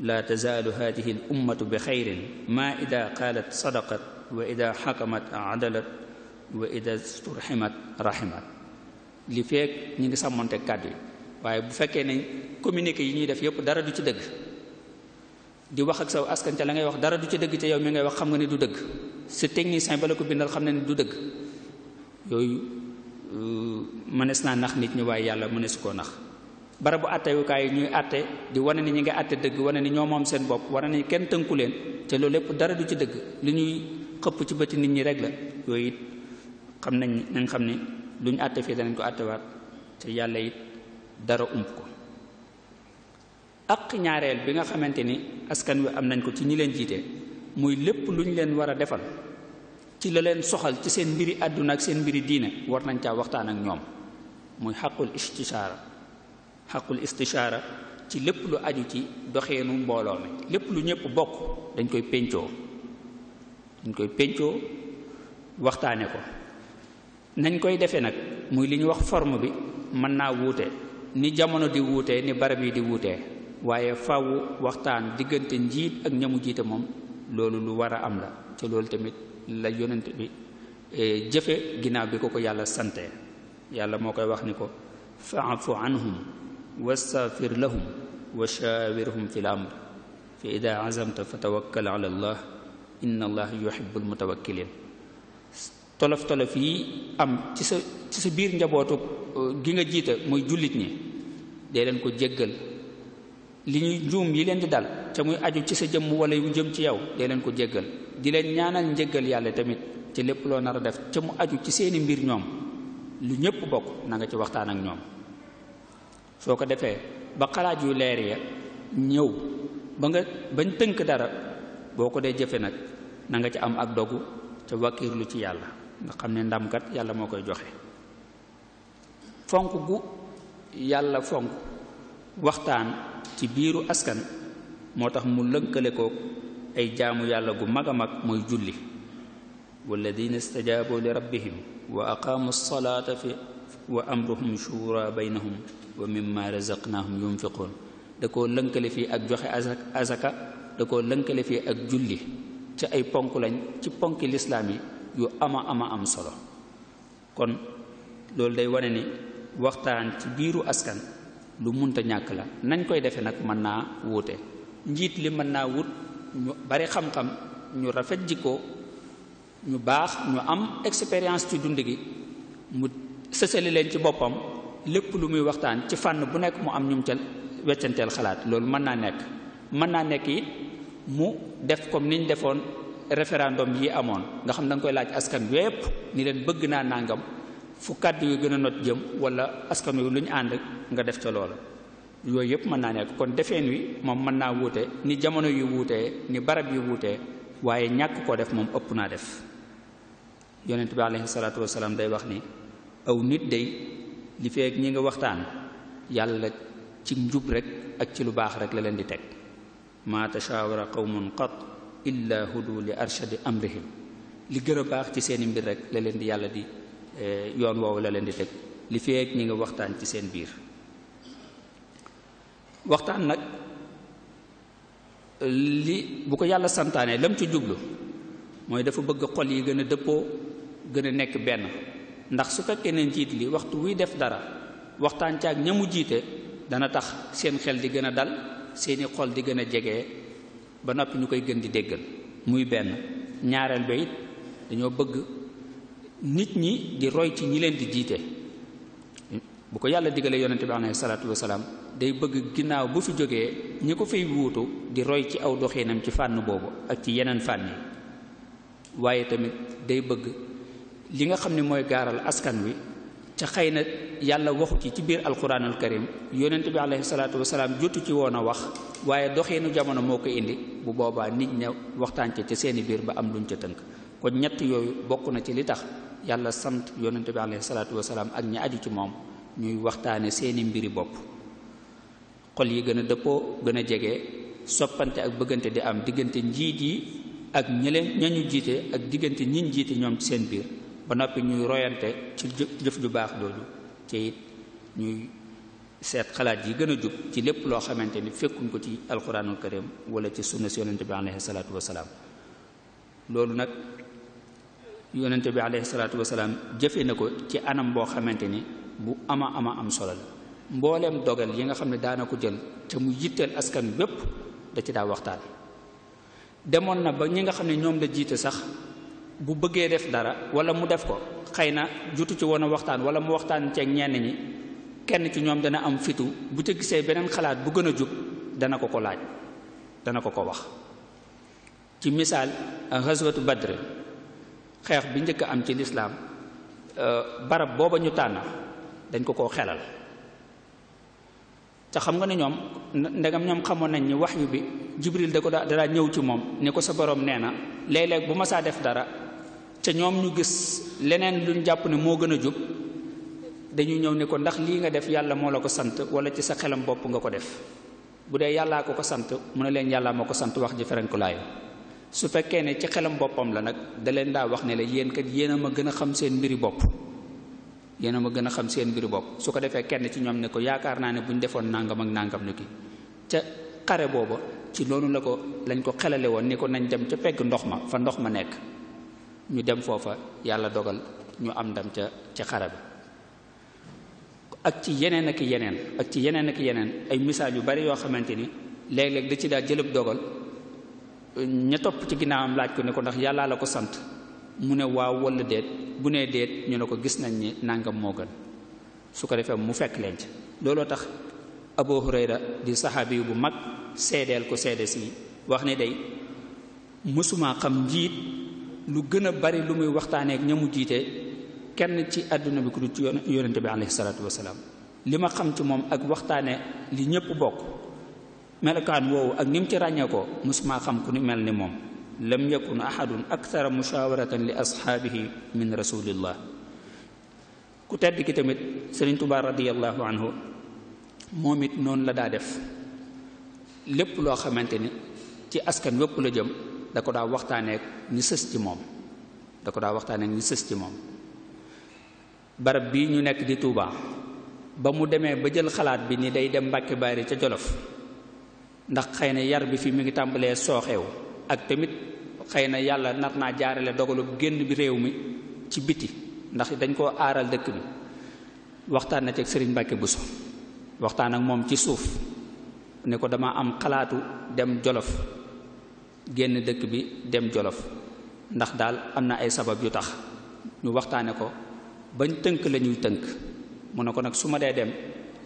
لا تزال هذه الأمة بخير ما إذا قالت صدقت وإذا حكمت عدلت وإذا استرحمت رحمت لي فيك نيغي سامونتي كادو واي بو فكي ني كومونيكي ني داف دارا دوتي دغ دي واخ اك ساو اسكان تا لا دارا دوتي دغ تي ياو مي غاي واخ خامغ دو دغ سي تيكني سامبل كو خامن ني دو دغ يوي مانيسنا ناخ نيت ني يالا مانيس كو barabu atteyukaay yi ñuy atte di wane ni ñi nga atte dëgg wane ni ñoo seen bopp wane ni kenn tënku leen te loolu lépp dara du ci dëgg li ñuy xëpp ci bët bëti nit ñi rek la yooyu it xam nañ nañ xam ni lu ñu atte fii danañ ko attewaat te yàlla it dara ump ko ak ñaareel bi nga xamante ni askan wi am nañ ko ci ñi leen jiite muy lépp lu ñu leen war a defal ci la leen soxal ci seen mbiri àdduna ak seen mbiri diine war nañ caa waxtaan ak ñoom muy xaqul istishaara xaqul istishaara ci lépp lu aju ci doxeenu mbooloo mi lépp lu ñëpp bokk dañ koy péncoo dañ koy péncoo waxtaane ko nañ koy defe nag muy li ñu wax forme bi mën naa wuute ni jamono di wuutee ni barab yi di wuutee waaye faw waxtaan diggante njiit ak ñamu jiite moom loolu lu war a am la te loolu tamit la yonent bi e, jëfe ginnaaw bi ko ko yàlla sante yàlla moo koy wax ni ko faafu anhum واستغفر لهم وشاورهم في الأمر فإذا عزمت فتوكل على الله إن الله يحب المتوكلين tolof tolof yi am ci sa ci sa biir njabootu gi nga jiite muy jullit ñi dee leen ko jéggal li ñuy njuum yi leen di dal te muy aju ci sa jëmm wala yu jëm ci yow dee leen ko jéggal di leen ñaanal njéggal yàlla tamit ci lépp loo nar a def ca mu aju ci seeni mbir ñoom lu ñëpp bokk na nga ci waxtaan ak ñoom soo ko defee ba xalaat yu leer ya ñëw ba nga bañ tënk dara boo ko dee jëfe nag na nga ci am ak dogu te wakkiirlu ci yàlla nga xam ne ndamkat yàlla moo koy joxe fonk gu yàlla fonk waxtaan ci biiru askan moo tax mu lënkale ko ay jaamu yàlla gu mag a mag mooy julli walladina istajaabu li rabbihim wa aqaamu salaata fi wa amruhum shura baynahum wa mimma razaqnahum yunfiqun da koo lënkale fii ak joxe azaka da koo lënkale fii ak julli ci ay ponk lañ ci ponki lislaam yi yu ama ama am solo kon loolu day wane ni waxtaan ci biiru askan lu munta ñàkk la nañ koy defee nag mën naa wuute njiit li mën naa wut ñu bari xam-xam ñu rafet jikko ñu baax ñu am expérience ci dund gi mu sësali leen ci boppam lépp lu muy waxtaan ci fànn bu nekk mu am ñum ca weccanteel xalaat loolu mën naa nekk mën naa nekk it mu def comme niñ defoon référendum yi amoon nga xam da nga koy laaj askan wépp ni leen bëgg naa nangam fu kàddu yu gën a not jëm wala askan wi lu ñu ànd nga def ca loola yooyu yëpp mën naa nekk kon defeen wi moom mën naa wuute ni jamono yi wuutee ni barab yi wuute waaye ñàkk koo def moom ëpp naa def yonent bi alayhi salaatu wasalaam day wax ni aw nit day li feek ñi nga waxtaan yàlla ci njub rek ak ci lu baax rek la leen di teg maa tashawara qawmun qat illa hudu li arshadi amrihim li gën a baax ci seeni mbir rek la leen di yàlla di yoon woowu la leen di teg li feek ñi nga waxtaan ci seen biir waxtaan nag li bu ko yàlla santaane lam ci jublu mooy dafa bëgg xol yi gën a dëppoo gën a nekk benn ndax su fekkee ne njiit li waxtu wuy def dara waxtaan ca ñamu jiite dana tax seen xel di gën a dal seeni xol di gën a jege ba noppi ñu koy gën di déggal muy benn ñaareel ba dañoo bëgg nit ñi di roy ci ñi leen di jiite bu ko yàlla digalee yonente bi alayhi salaatu wasalaam day bëgg ginnaaw bu fi jógee ñi ko fiy wuutu di roy ci aw doxinam ci fànn boobu ak ci yeneen fànn waaye tamit day bëgg li nga xam ne mooy gaaral askan wi ca xëy na yàlla waxu ci ci biir alquranul karim yonent bi alayhi salaatu wasalaam jotu ci woon a wax waaye doxiinu jamono moo ko indi bu boobaa nit ña waxtaan ca ca seeni biir ba am luñ ca tënk kon ñett yooyu bokk na ci li tax yàlla sant yonent bi alayhi salaatu wasalaam ak ñi aju ci moom ñuy waxtaane seeni mbiri bopp xol yi gën a dëppoo gën a jege soppante ak bëggante di am diggante njiit yi ak ñi leen ñañu jiite ak diggante ñiñ jiite ñoom seen biir ba noppi ñuy royante ci jëf ju baax dooju te it ñuy seet xalaat yi gën a jub ci lépp loo xamante ni fekkuñ ko ci alquranul karim wala ci sunna si yonente bi alayhi salaatu wasalaam loolu nag yonente bi alayhi salaatu wasalaam jëfe na ko ci anam boo xamante ni bu ama ama am solo la mbooleem dogal yi nga xam ne daana ko jël te mu yitteel askan bépp da ci daa waxtaan demoon na ba ñi nga xam ne ñoom la jiite sax bu bëggee def dara wala mu def ko xëy na jutu ci woon waxtaan wala mu waxtaan ceeg ñenn ñi kenn ci ñoom dana am fitu bu ca gisee beneen xalaat bu gën a jub dana ko ko laaj dana ko ko wax ci misaal xaswatu badr xeex bi njëkk am ci lislaam euh, barab booba ñu tànn dañ ko ko xelal te xam nga ne ñoom ndegam ñoom xamoon nañ ni wax yu bi jibril da ko daa ñëw ci moom ni ko sa borom nee na léeg-léeg bu ma saa def dara ca ñoom ñu gis leneen luñ jàpp ne moo gën a jub dañu ñëw ne ko ndax lii nga def yàlla moo la ko sant wala ci sa xelam bopp nga ko def bu dee yàllaa ko ko sant mu ne leen yàllaa moo ko sant wax ji ferenkulaayu su fekkee ne ci xelam boppam la nag da leen daa wax ne la yéen kat yéen a ma gën a xam seen mbiri bopp yéen a ma gën a xam seen mbiri bopp su ko defee kenn ci ñoom ne ko yaakaar naa ne bu ñu defoon nangam ak nangam ni ca xare booba ci loolu la ko lañ ko xelale woon ni ko nañ dem ca pegg ndox ma fa ndox ma nekk ñu dem foofa yàlla dogal ñu am ndam ca ca xare ak ci yeneen ak yeneen ak ci yeneen ak yeneen ay misaal yu bari yoo xamante ni léeg-léeg da ci daal jëlëb dogal ña topp ci ginnaawam laaj ko ne ko ndax yàllaa la ko sant mu ne waaw walla déet bu ne déet ñu ne ko gis nañ ni nàngam moo gën su ko defee mu fekk leen ci looloo tax Abu Hurayra di saxaabi bu mag seedeel ko sedde si wax ne day mësuma xam njiit lu gëna bari lu muy waxtane ak ñamu jité kenn ci aduna bi ku du ci bi alayhi salatu wassalam lima xam ci mom ak waxtane li ñëpp bok melakan wo ak nim ci ràññee ko musma xam ku ni melni mom lam yakun ahadun akthara mushawaratan li ashabihi min rasulillah ku tedd ki tamit serigne touba radiyallahu anhu momit non la da def lépp lo xamanteni ci askan wépp la jëm da ko daa waxtaaneek ñu sës ci moom da ko daa waxtaaneek ñu sës ci moom barab bii ñu nekk di tuubaa ba mu demee ba jël xalaat bi ni day dem Mbàkke Baari ca Jolof ndax xëy na yar bi fi mu ngi tàmbalee sooxeew ak tamit xëy na yàlla nar naa jaarale dogalub génn bi réew mi ci biti ndax dañ koo aaral dëkk bi waxtaan na ci Sëriñ Mbàkke Buso waxtaan ak moom ci suuf ne ko dama am xalaatu dem Jolof génn dëkk bi dem jolof ndax daal am na ay sabab yu tax ñu waxtaane ko bañ tënk la ñuy tënk mu ne ko nag su ma dee dem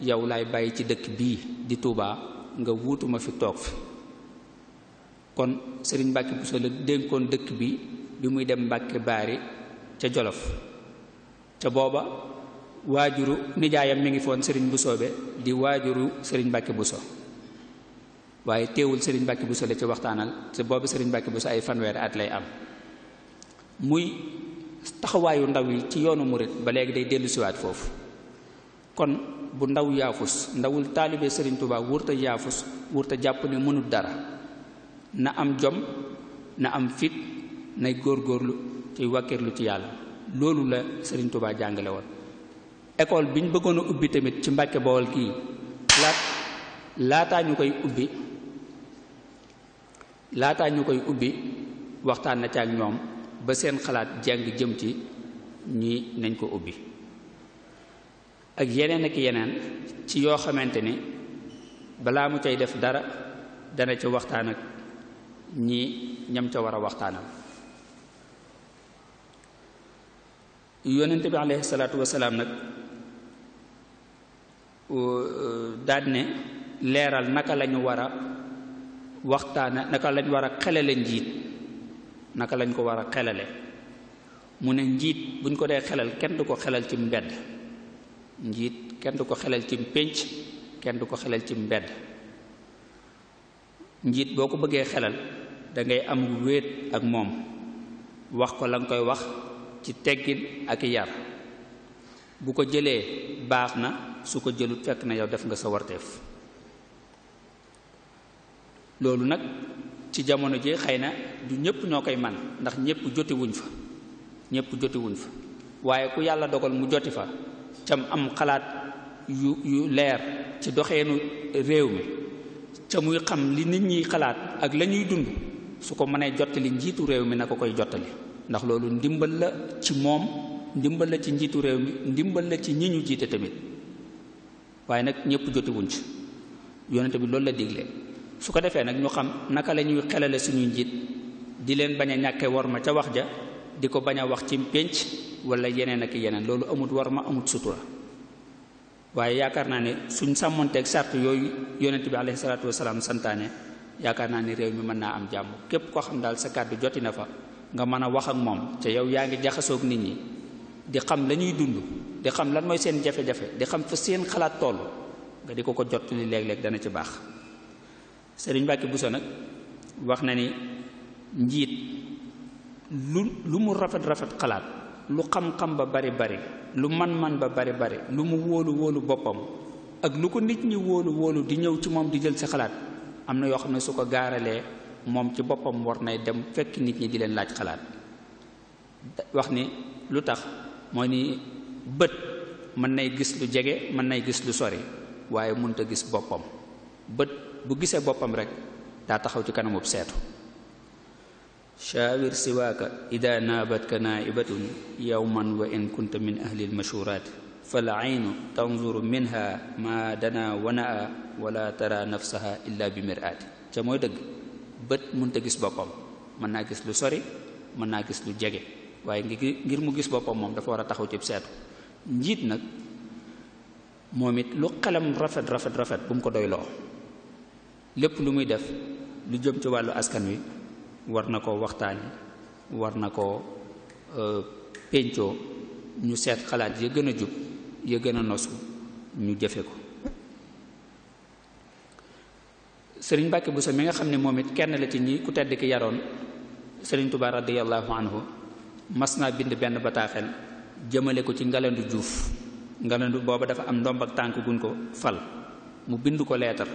yow laay bàyyi ci dëkk bii di Tuubaa nga wuutuma fi toog fi kon sëriñ Mbàkke Buso la dénkoon dëkk bi bi muy dem Mbàkke Baari ca Jolof ca booba waajuru nijaayam mi ngi foon sëriñ bu Busoobe di waajuru sëriñ bu so waaye teewul sëriñ Mbàkke Buso la ci waxtaanal te boobu sëriñ Mbàkke Buso ay fanweeri at lay am muy taxawaayu ndaw yi ci yoonu murit ba léegi day dellu siwaat foofu kon bu ndaw yaafus ndawul taalibe sëriñ Tuubaa wurta yaafus wurta jàpp ne mënul dara na am jom na am fit nay góorgóorlu ci wàkkirlu ci yàlla loolu la sëriñ Tuubaa jàngale woon école bi ñu bëggoon a ubbi tamit ci Mbàkke Bawol kii laat laataa ñu koy ubbi laataa ñu koy ubbi waxtaan na ci ak ñoom ba seen xalaat jàng jëm ci ñi nañ ko ubbi ak yeneen ak yeneen ci yoo xamante ni balaa mu cay def dara dana ca waxtaan ak ñi ñam ca war a waxtaanal yonent bi aleyhi salaatu wasalaam nag uh, uh, daal leeral naka lañu war a waxtaana naka lañ war a xelale njiit naka lañ ko war a xelale mu ne njiit buñ ko dee xelal kenn du ko xelal ci mbedd njiit kenn du ko xelal ci pénc kenn du ko xelal ci mbedd njiit boo ko bëggee xelal da ngay am wéet ak moom wax ko la nga koy wax ci teggin ak yar bu ko jëlee baax na su ko jëlut fekk na yow def nga sa warteef loolu nag ci jamono jee xëy na du ñépp ñoo koy man ndax ñépp joti fa ñépp joti fa waaye ku yàlla dogal mu joti fa cam am xalaat yu yu leer ci doxeenu réew mi ca muy xam li nit ñiy xalaat ak la ñuy dund su ko mënee jottali njiitu réew mi na ko koy jottali ndax loolu ndimbal la ci moom ndimbal la ci njiitu réew mi ndimbal la ci ñi ñu jiite tamit waaye nag ñépp joti wuñ ci yonent bi loolu la digle su ko defee nag ñu xam naka la ñuy xelale suñu njit di leen bañ a ñàkke war ma ca wax ja di ko bañ a wax ci pénc wala yeneen ak yeneen loolu amut war ma amut sutura waaye yaakaar naa ne suñ sàmmonteeg sart yooyu yonent bi alayhi salaatu wasalaam santaane yaakaar naa ne mi mën am jàmm képp ko xam daal sa kàddu joti na fa nga mën a wax ak moom ca yow yaa ngi jaxasoog nit ñi di xam la ñuy dund di xam lan mooy seen jafe-jafe di xam fa seen xalaat toll nga di ko ko jot li dana ci baax sëriñ Mbàkke Buso nag wax na ni njiit lu lu mu rafet rafet xalaat lu xam-xam ba bari bari lu man-man ba bari bari lu mu wóolu wóolu boppam ak lu ko nit ñi wóolu wóolu di ñëw ci moom di jël si xalaat am na yoo xam ne su ko gaaralee moom ci boppam war nay dem fekk nit ñi di leen laaj xalaat wax ni lu tax mooy ni bët mën nay gis lu jege mën nay gis lu sori waaye mënut gis boppam bët bu gisee boppam rek daa taxaw ci kanamub seetu shaawir siwaaka ida naabatka naaibatun yowman wa in kunta min ahli almashuraat fal aynu mooy dëgg bët mënta gis boppam mën naa gis lu sori mën naa gis lu jege waaye ngir mu gis boppam moom dafa war a taxaw ci seetu njiit nag moom it lu rafet rafet rafet bu mu ko doyloo lepp lu muy def lu jëm ci warna askan wi war na penjo waxtaani war na koo euh, péncoo ñu seet xalaat ya gën a jub ya gën a nosu ñu jëfe ko sëriñ Mbàkke Buso mi nga xam ne moom it kenn la ci ñi ku tedd ki yaroon serigne Tuubaa radiyallahu anhu mas naa bind benn bataaxel jëmale ko ci Ngalandu Juuf Ngalandu booba dafa am ndomb ak tànk guñ ko fal mu bind ko leetar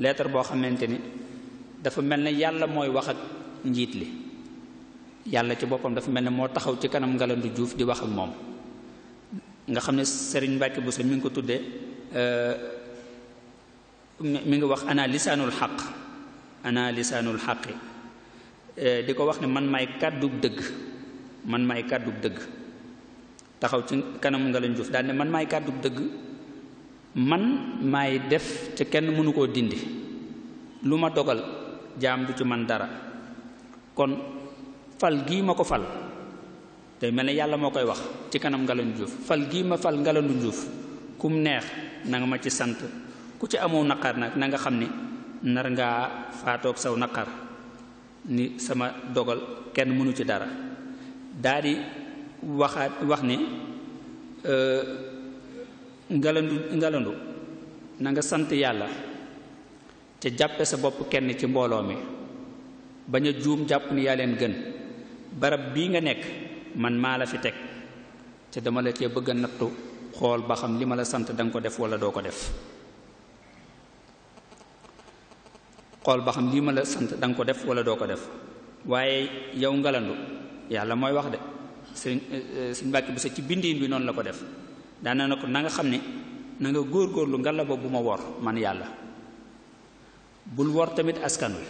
leetar boo xamante ni dafa mel ne yàlla mooy wax ak njiit li yàlla ci boppam dafa mel ne moo taxaw ci kanam Galandou juuf di wax ak moom nga xam ne Serigne bu Bousso mi ngi ko tuddee euh, mi ngi wax ana lisaanul xaq ana lisaanul xaqi euh, di ko wax ne man maay kàddug dëgg man may kàddu dëgg taxaw ci kanam Galandou Diouf daal man maay kàddug dëgg man maay def te kenn mënu koo dindi lu ma dogal jaam du ci man dara kon fal gii ma ko fal day mel ne yàlla moo koy wax ci kanam Ngalandou Diouf fal gii ma fal Ngalandou Diouf kum neex nanga ma ci sant ku ci amoo naqar nag na nga xam ni nar ngaa faatoog saw naqar ni sama dogal kenn mënu ci dara daa di waxaat wax ni euh, ngalandu ngalandu na nga sant yàlla te jàppe sa bopp kenn ci mbooloo mi bañ a juum jàpp ni yaa leen gën barab bii nga nekk man maa la fi teg te dama la cee bëgg a nattu xool ba xam li ma la sant da ko def wala doo ko def xool ba xam lii ma la sant da ko def wala doo ko def waaye yow ngalandu yàlla mooy wax de sëñ eh, eh, sëñ Mbàkke bi ci bindiin bi noonu la ko def daana na ko nanga nga xam ne góor góorlu ngal la ba bu ma wor man yàlla bul wor tamit askan wi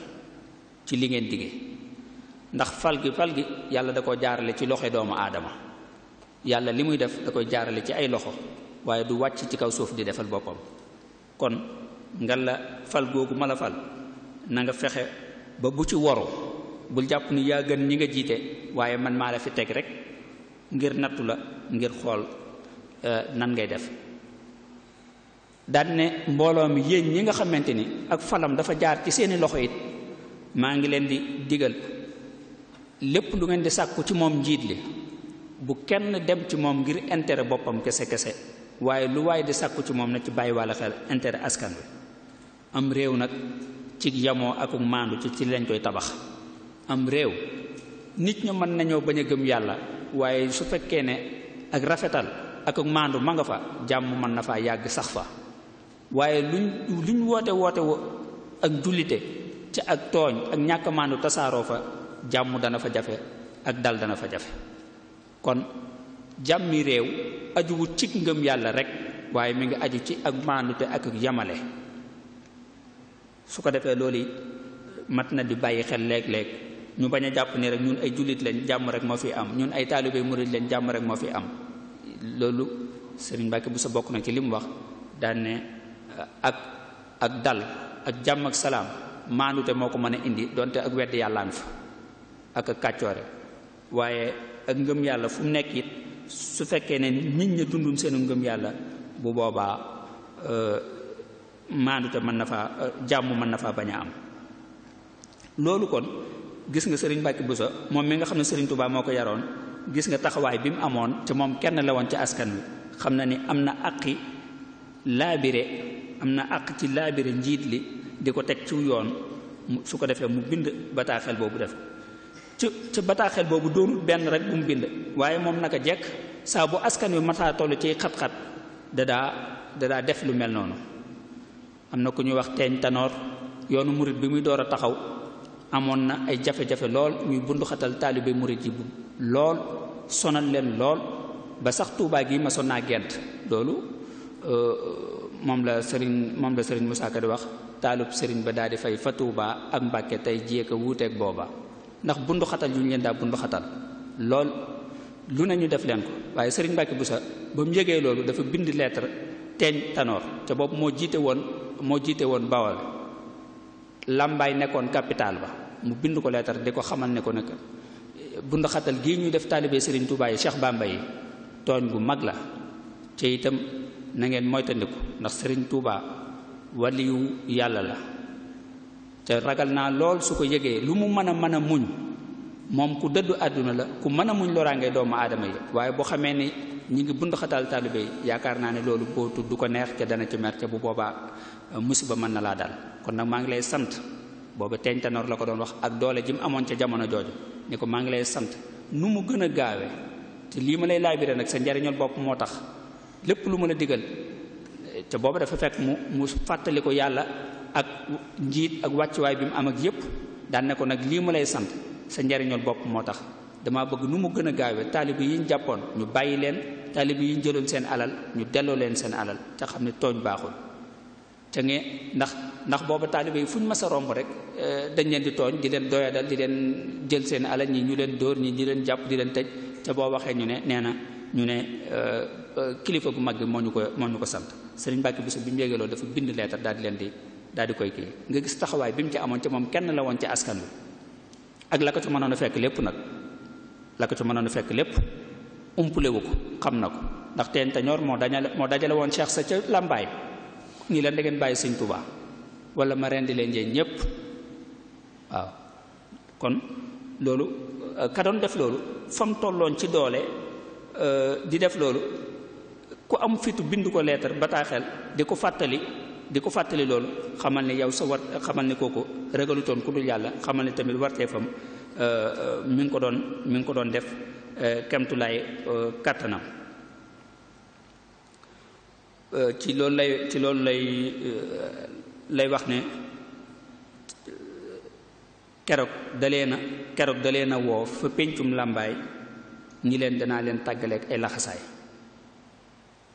ci li ngeen dige ndax fal gi fal gi yàlla da ko jaarale ci loxo doomu aadama yàlla li muy def da koy jaarale ci ay loxo waaye du wàcc ci kaw suuf di defal boppam kon la fal googu ma la fal na nga fexe ba bu ci woru bul jàpp ni yaa gën ñi nga jiite waaye man maa la fi teg rek ngir nattu la ngir xool Euh, nan ngay def daan ne mbooloo mi yéen ñi nga xamante ni ak falam dafa jaar ci seeni loxo yit maa ngi leen di digal lépp lu ngeen di sàkku ci moom njiit li bu kenn dem ci moom ngir intérêt boppam kese kese waaye lu waaye di sàkku ci moom na ci bàyyi wàlla xel intérêt askan wi am réew nag ci yamoo ak maandu ci ci lañ koy tabax am réew nit ñu mën nañoo bañ a gëm yàlla waaye su fekkee ne ak rafetal ak ak maandu ma nga fa jàmm man na faa yàgg sax fa waaye luñ luñ woote woote wo ak jullite ci ak tooñ ak ñàkk maandu tasaaroo fa jàmm dana fa jafe ak dal dana fa jafe kon jàmmi réew ajuwu ci ngëm yàlla rek waaye mi ngi aju ci ak maandute ak ak yamale su ko defee loolu mat na di bàyyi xel léeg-léeg ñu bañ a jàpp ni rek ñun ay jullit lañ jàmm rek moo fi am ñun ay taalibe murid leen jàmm rek moo fi am loolu sëriñ Mbàkke bu sa bokk na ci li mu wax daan ah, ak ak dal ak jàmm ak salaam maandute moo ko mën a indi donte ak wedd yàllaan fa ak ak kàccoore waaye ak ngëm yàlla fu mu nekk it su fekkee ne nit ñi dundum seenu ngëm yàlla bu boobaa euh, maandute mën na faa euh, jàmm mën na faa bañ am loolu kon gis nga sëriñ Mbàkke bu sa moom mi nga xam ne sëriñ Tuubaa moo ko yaroon gis nga taxawaay bi mu amoon te moom kenn la woon ci askan wi xam na ni am na aqi laabire am na aq ci laabire njiit li di ko teg ci yoon su ko defee mu bind bataaxel boobu def ci bataaxel boobu doonul benn rek bu mu bind waaye moom naka jekk saa bu askan wi masaa toll ci xat-xat dadaa dadaa def lu mel noonu am na ku ñuy wax teeñ tanoor yoonu murit bi muy door a taxaw amoon na ay jafe-jafe lool muy bundu xatal taalibe murit yi bu lool sonal leen lool ba sax tuubaa gi ma son naa gent loolu euh, moom la sëriñ moom la sëriñ Musaa di wax taalub sëriñ ba daal di fay fa tuubaa ak mbàkke tey jéeka wuuteeg booba ndax bundu xatal yu ñu leen daa bundu lool lu nañu def leen ko waaye sëriñ Mbàkke sa ba mu yëgee loolu dafa bind lettre teeñ tanoor te boobu moo jiite woon moo jiite woon Bawol Lambaay nekkoon capital ba mu bind ko leetar di ko xamal ne ko nekk bundaxatal gii ñuy def taalibe Serigne Touba yi Cheikh Bamba yi tooñ gu mag la te itam na ngeen moytandiku ndax Serigne Touba waliyu yàlla la te ragal naa lool su ko yëgee lu mu mën a mën a muñ moom ku dëddu àdduna la ku mën a muñ loraange doomu aadama yi waaye boo xamee ni ñu ngi bundaxatal taalibe yi yaakaar naa ne loolu boo tudd du ko neex te dana ci mer bu boobaa musiba mën na laa dal kon nag maa ngi lay sant booba teeñ tanoor la ko doon wax ak doole ji mu amoon ca jamono jooju ni ko maa ngi lay sant nu mu gën a gaawee te lii ma lay laabire nag sa njariñul bopp moo tax lépp lu ma la digal te boobu dafa fekk mu mu fàttali ko yàlla ak njiit ak wàccuwaay bi mu am ak yépp daan ne nag lii ma lay sant sa njariñul bopp moo tax dama bëgg nu mu gën a gaawee taalibe yi ñu jàppoon ñu bàyyi leen taalibe yi ñu jëloon seen alal ñu delloo leen seen alal te xam ne tooñ baaxul te nge ndax ndax booba taalibe yi fu ñu mës romb rek eh, dañ leen di tooñ di leen doyadal di leen jël seen alal ñi ñu leen dóor ñi ñu leen jàpp di leen tëj te boo waxee ñu ne nee na ñu ne eh, eh, kilifa gu mag bi moo ñu ko moo ñu ko sant Sëriñ Mbàkke Buso bi mu yéegaloo dafa bind leetar daal di leen di daal di koy kii nga gis taxawaay bi mu ci amoon ca moom kenn la woon ci askan wi ak la ko ci mënoon a fekk lépp nag la ko ci a fekk lépp umpule wu ko xam na ko ndax teen moo dajale moo dajale woon Cheikh sa ca làmbaay nii la da ngeen bàyyi sëñ Tuubaa wala ma rendi leen yéen ñépp waaw kon loolu euh, ka doon def loolu fa mu tolloon ci doole euh, di def loolu ku am fitu bind ko leetar bataaxel di ko fàttali di ko fàttali loolu xamal ne yow sa war xamal ne kooku ragalutoon ku dul yàlla xamal ne tamit warteefam euh, mi ngi ko doon mi ngi ko doon def kemtulaay kàttanam ci loolu lay ci loolu lay euh, lay wax ne keroog dalee na keroog dalee na woo fa péncum làmbaay ñi leen danaa leen tàggaleek ay laxasaay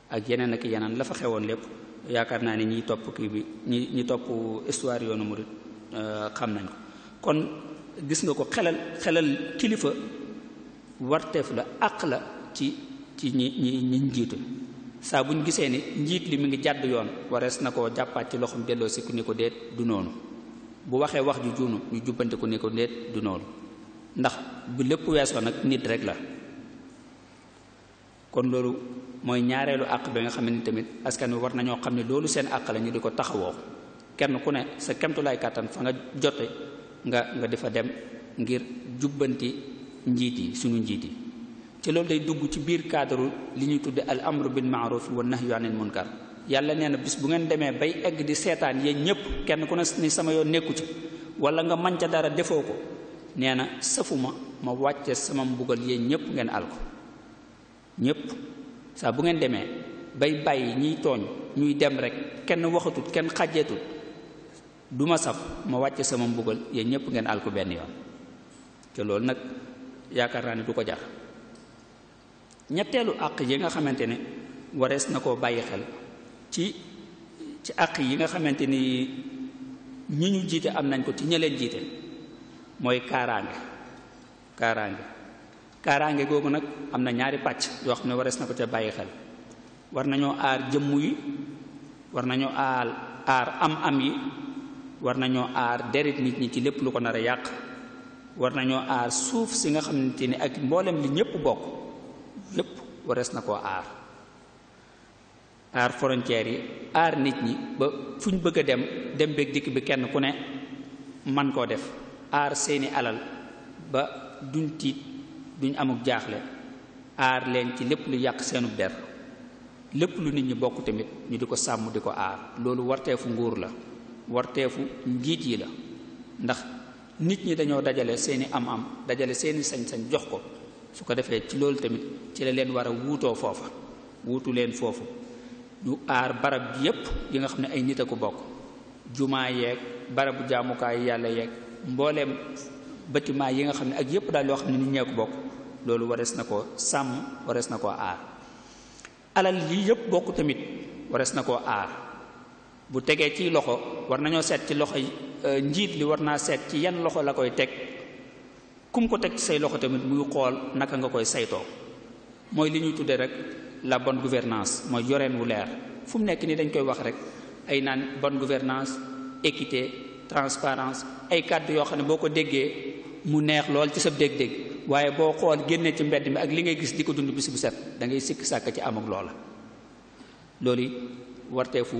ak yeneen ak yeneen la fa xewoon lépp yaakaar naa ne ñi topp kii bi ñi ñi topp histoire yoonu murid euh, xam nañ kon gis nga ko xelal xelal kilifa warteef la àq la ci ci ñi ñi ñi njiitu sa buñu gisee ni njiit li mi ngi jàdd yoon warees na koo jàppaat ci loxom delloo si ku ni ko déet du noonu bu waxee wax ju juunu ñu jubbante ku ni ko déet du noonu ndax bu lépp weesoo nag nit rek la kon loolu mooy ñaareelu àq bi nga xam ne tamit askan wi war nañoo xam ne loolu seen àq la ñu di ko taxawoo kenn ku ne sa kemtulaay kàttan fa nga jote nga nga difa dem ngir jubbanti njiit yi suñu njiit yi te loolu day dugg ci biir cadre li ñuy tudde al amru bil ma'ruf wa nahyu anil munkar yalla neena deme bis bu ngeen demee bay egg di seetaan ye ñepp kenn ku ne ni sama yoon neeku ci wala nga man ca dara defo ko neena safuma ma wacce sama mbugal ye ñepp ngeen al ko ñepp sa bu ngeen demee bay bay ñi togn ñuy dem rek kenn waxatut kenn xàjjeetut duma saf ma wacce sama mbugal ye ñepp ngeen al ko ben yoon te lol nak du ko ñetteelu àq yi nga xamante ne warees na koo bàyyi xel ci ci àq yi nga xamante ni ñi ñu jiite am nañ ko ci ña leen jiite mooy kaaraange kaaraange kaaraange googu nag am na ñaari pàcc yoo xam ne warees na ko ca bàyyi xel war nañoo aar jëmm yi war nañoo aar aar am-am yi war nañoo aar deret nit ñi ci lépp lu ko nar a yàq war nañoo aar suuf si nga xamante ni ak mboolem li ñépp bokk lépp warees na koo aar aar frontières yi aar nit ñi ba fu ñu bëgg a dem dem beeg dikk bi kenn ku ne man koo def aar seeni alal ba duñ tiit duñ amuk jaaxle aar leen ci lépp lu yàq seenu der lépp lu nit ñi bokk tamit ñu di ko sàmm di ko aar loolu warteefu nguur la warteefu njiit yi la ndax nit ñi dañoo dajale seeni am am dajale seeni sañ-sañ jox ko su ko defee ci loolu tamit ci la leen war a wuutoo foofa wuutu leen foofu ñu aar barab yépp yi nga xam ne ay nit a bokk jumaa yeeg barabu jaamukaay yàlla yeeg mbooleem bâtiment yi nga xam ne ak yépp daal yoo xam ne nit ñee ko bokk loolu warees na ko sàmm warees na ko aar alal yi yépp bokk tamit warees na ko aar bu tegee ci loxo war nañoo seet ci loxo euh, njiit li war naa seet ci yan loxo la koy teg kum ko teg ci say loxo tamit muy xool naka nga koy saytoo mooy li ñuy tuddee rek la bonne gouvernance mooy yoreen wu leer fu mu nekk nii dañ koy wax rek ay naan bonne gouvernance équité transparence ay kàddu yoo xam ne boo ko déggee mu neex lool ci sa dégg-dégg waaye boo xool génnee ci mbedd mi ak li ngay gis di ko dund bis bu set da ngay sikk sàkk ci amag loola loolu warteefu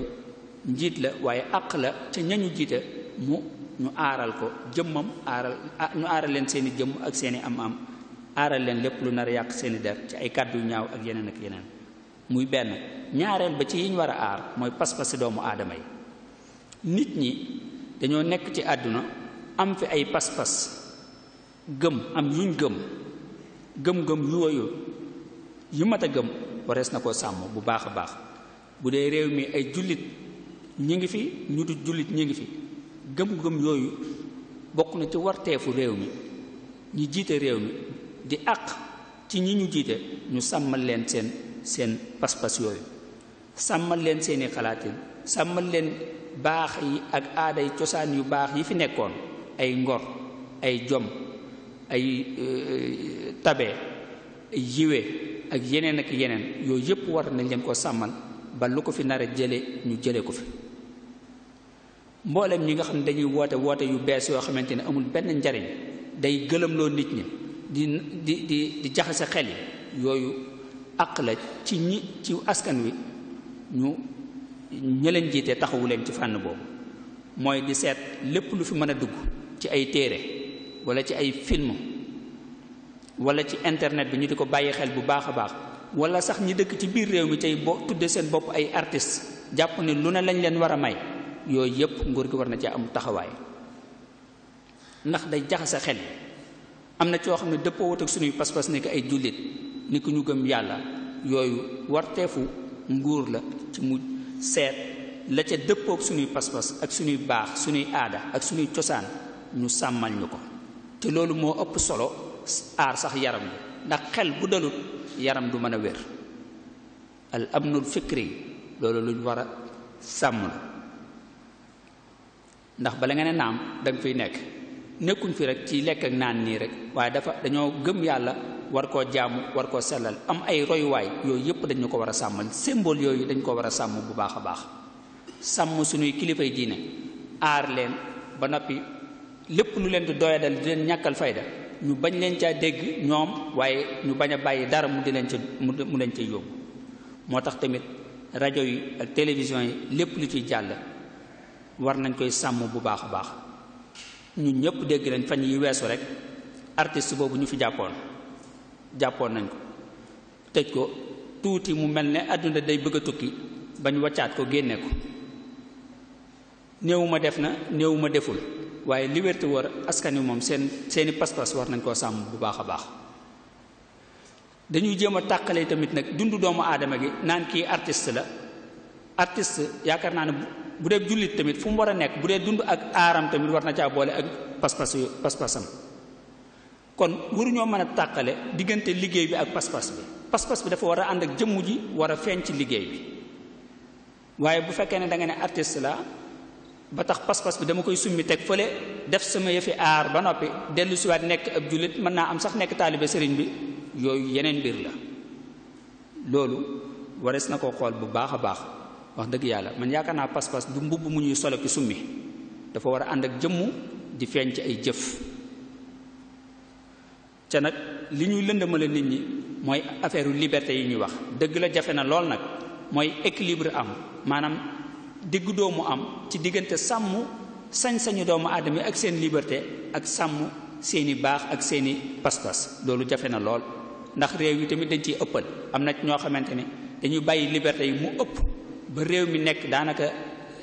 njiit la waaye àq la ca ñañu jiite mu ñu aaral ko jëmmam aaral ah, ñu aaral leen seeni jëmm ak seeni am-am aaral leen lépp lu nar a yàq seeni der ci ay kàddu yu ñaaw ak yeneen ak yeneen muy benn ñaareel ba ci yiñ war a aar mooy pas-pasi doomu aadama yi nit ñi dañoo nekk ci àdduna am fi ay pas-pas gëm am yuñ gëm gëm-gëm yooyu yu mat a gëm warees na koo sàmm bu baax a baax bu dee réew mi ay jullit ñi ngi fi ñu du jullit ñi ngi fi gëm-gëm yooyu bokk na ci warteefu réew mi ñi jiite réew mi di àq ci ñi ñu jiite ñu sàmmal leen seen seen pas-pas yooyu sàmmal leen seeni xalaatin sàmmal leen baax yi ak aada yi cosaan yu baax yi fi nekkoon ay ngor ay jom ay euh, tabe ay yiwe ak yeneen ak yeneen yooyu yëpp war nañ leen ko sàmmal ba lu ko fi nar a jële ñu jële ko fi mboolem ñi nga xam ne dañuy woote woote yu bees yoo xamante ne amul benn njariñ day gëlëmloo nit ñi di di di di jaxase xel yi yooyu àq la ci ñi ci askan wi ñu ñi leen jiite taxawu leen ci fànn boobu mooy di seet lépp lu fi mën a dugg ci ay téere wala ci ay film wala ci internet bi ñu di ko bàyyi xel bu baax a baax wala sax ñi dëkk ci biir réew mi tey boo tudde seen bopp ay artistes jàpp ne lu ne lañ leen war a may yooyu yépp nguur gi war na ci am taxawaay ndax day jaxase xel am na coo xam ne dëppoo wut ak suñuy pas-pas nekk ay jullit ni ku ñu gëm yàlla yooyu warteefu nguur la ci mu seet la ca dëppoog suñuy pas-pas ak suñuy baax suñuy aada ak suñuy cosaan ñu sàmmal ñu ko te loolu moo ëpp solo aar sax yaram bi ndax xel bu dalut yaram du mën a wér al amnul fikri loolu luñ war a sàmm la ndax bala nga ne naam danga fiy nekk nekkuñ fi rek ci lekk ak naan nii rek waaye dafa dañoo gëm yàlla war koo jàmm war koo sellal am ay royuwaay yooyu yëpp dañu ko war a sàmmal symbole yooyu dañ ko war a sàmm bu baax a baax sàmm suñuy kilifay diine aar leen ba noppi lépp lu leen di doyadal di leen ñàkkal fayda ñu bañ leen caa dégg ñoom waaye ñu bañ a bàyyi dara mu di leen ca mu leen ca yóbbu moo tax tamit rajo yi ak télévision yi lépp lu ciy jàll war nañ koy sàmm bu baax a baax ñun ñëpp dégg nañ fan yi weesu rek artist boobu ñu fi jàppoon jàppoon nañ ko tëj ko tuuti mu mel ne àdduna day bëgg a tukki ba ñu waccaat ko génne ko néewuma def na néewuma deful waaye liberté war askan wi moom seen seeni pas war nañ koo sàmm bu baax a baax dañuy jéem a tàqale tamit nag dundu doomu aadama gi naan kii artiste la artiste yaakaar naa ne bu dee jullit tamit fu mu war a nekk bu dee dund ak aaram tamit war na caa boole ak pas-pas pas-pasam kon waruñoo mën a tàqale diggante liggéey bi ak pas-pas bi pas-pas bi dafa war a ànd ak jëmm ji war a feeñ ci liggéey bi waaye bu fekkee ne da nga ne artiste la ba tax pas-pas bi dama koy summi teg fële def sama yëfi aar ba noppi dellu siwaat nekk ak jullit mën naa am sax nekk taalibe sëriñ bi yooyu yeneen mbir la loolu warees na ko xool bu baax a baax wax deug yalla man yaakaar naa pass du mbubb mu ñuy solo ki summi dafa wara a di fenc ijaf. ay jëf ca nak li ñuy lëndamale nit ñi moy affaireu liberté yi ñu wax deug la jafé na lool nak moy équilibre am manam diggu doomu am ci digënté sammu sañ-sañu doomu aadama ak seen liberté ak sammu seeni baax ak seeni pas-pas lolu jafé na lool ndax réew yi tamit dañ ci ëppal am na ñoo xamante ni dañuy liberté yi mu ëpp ba réew mi nekk daanaka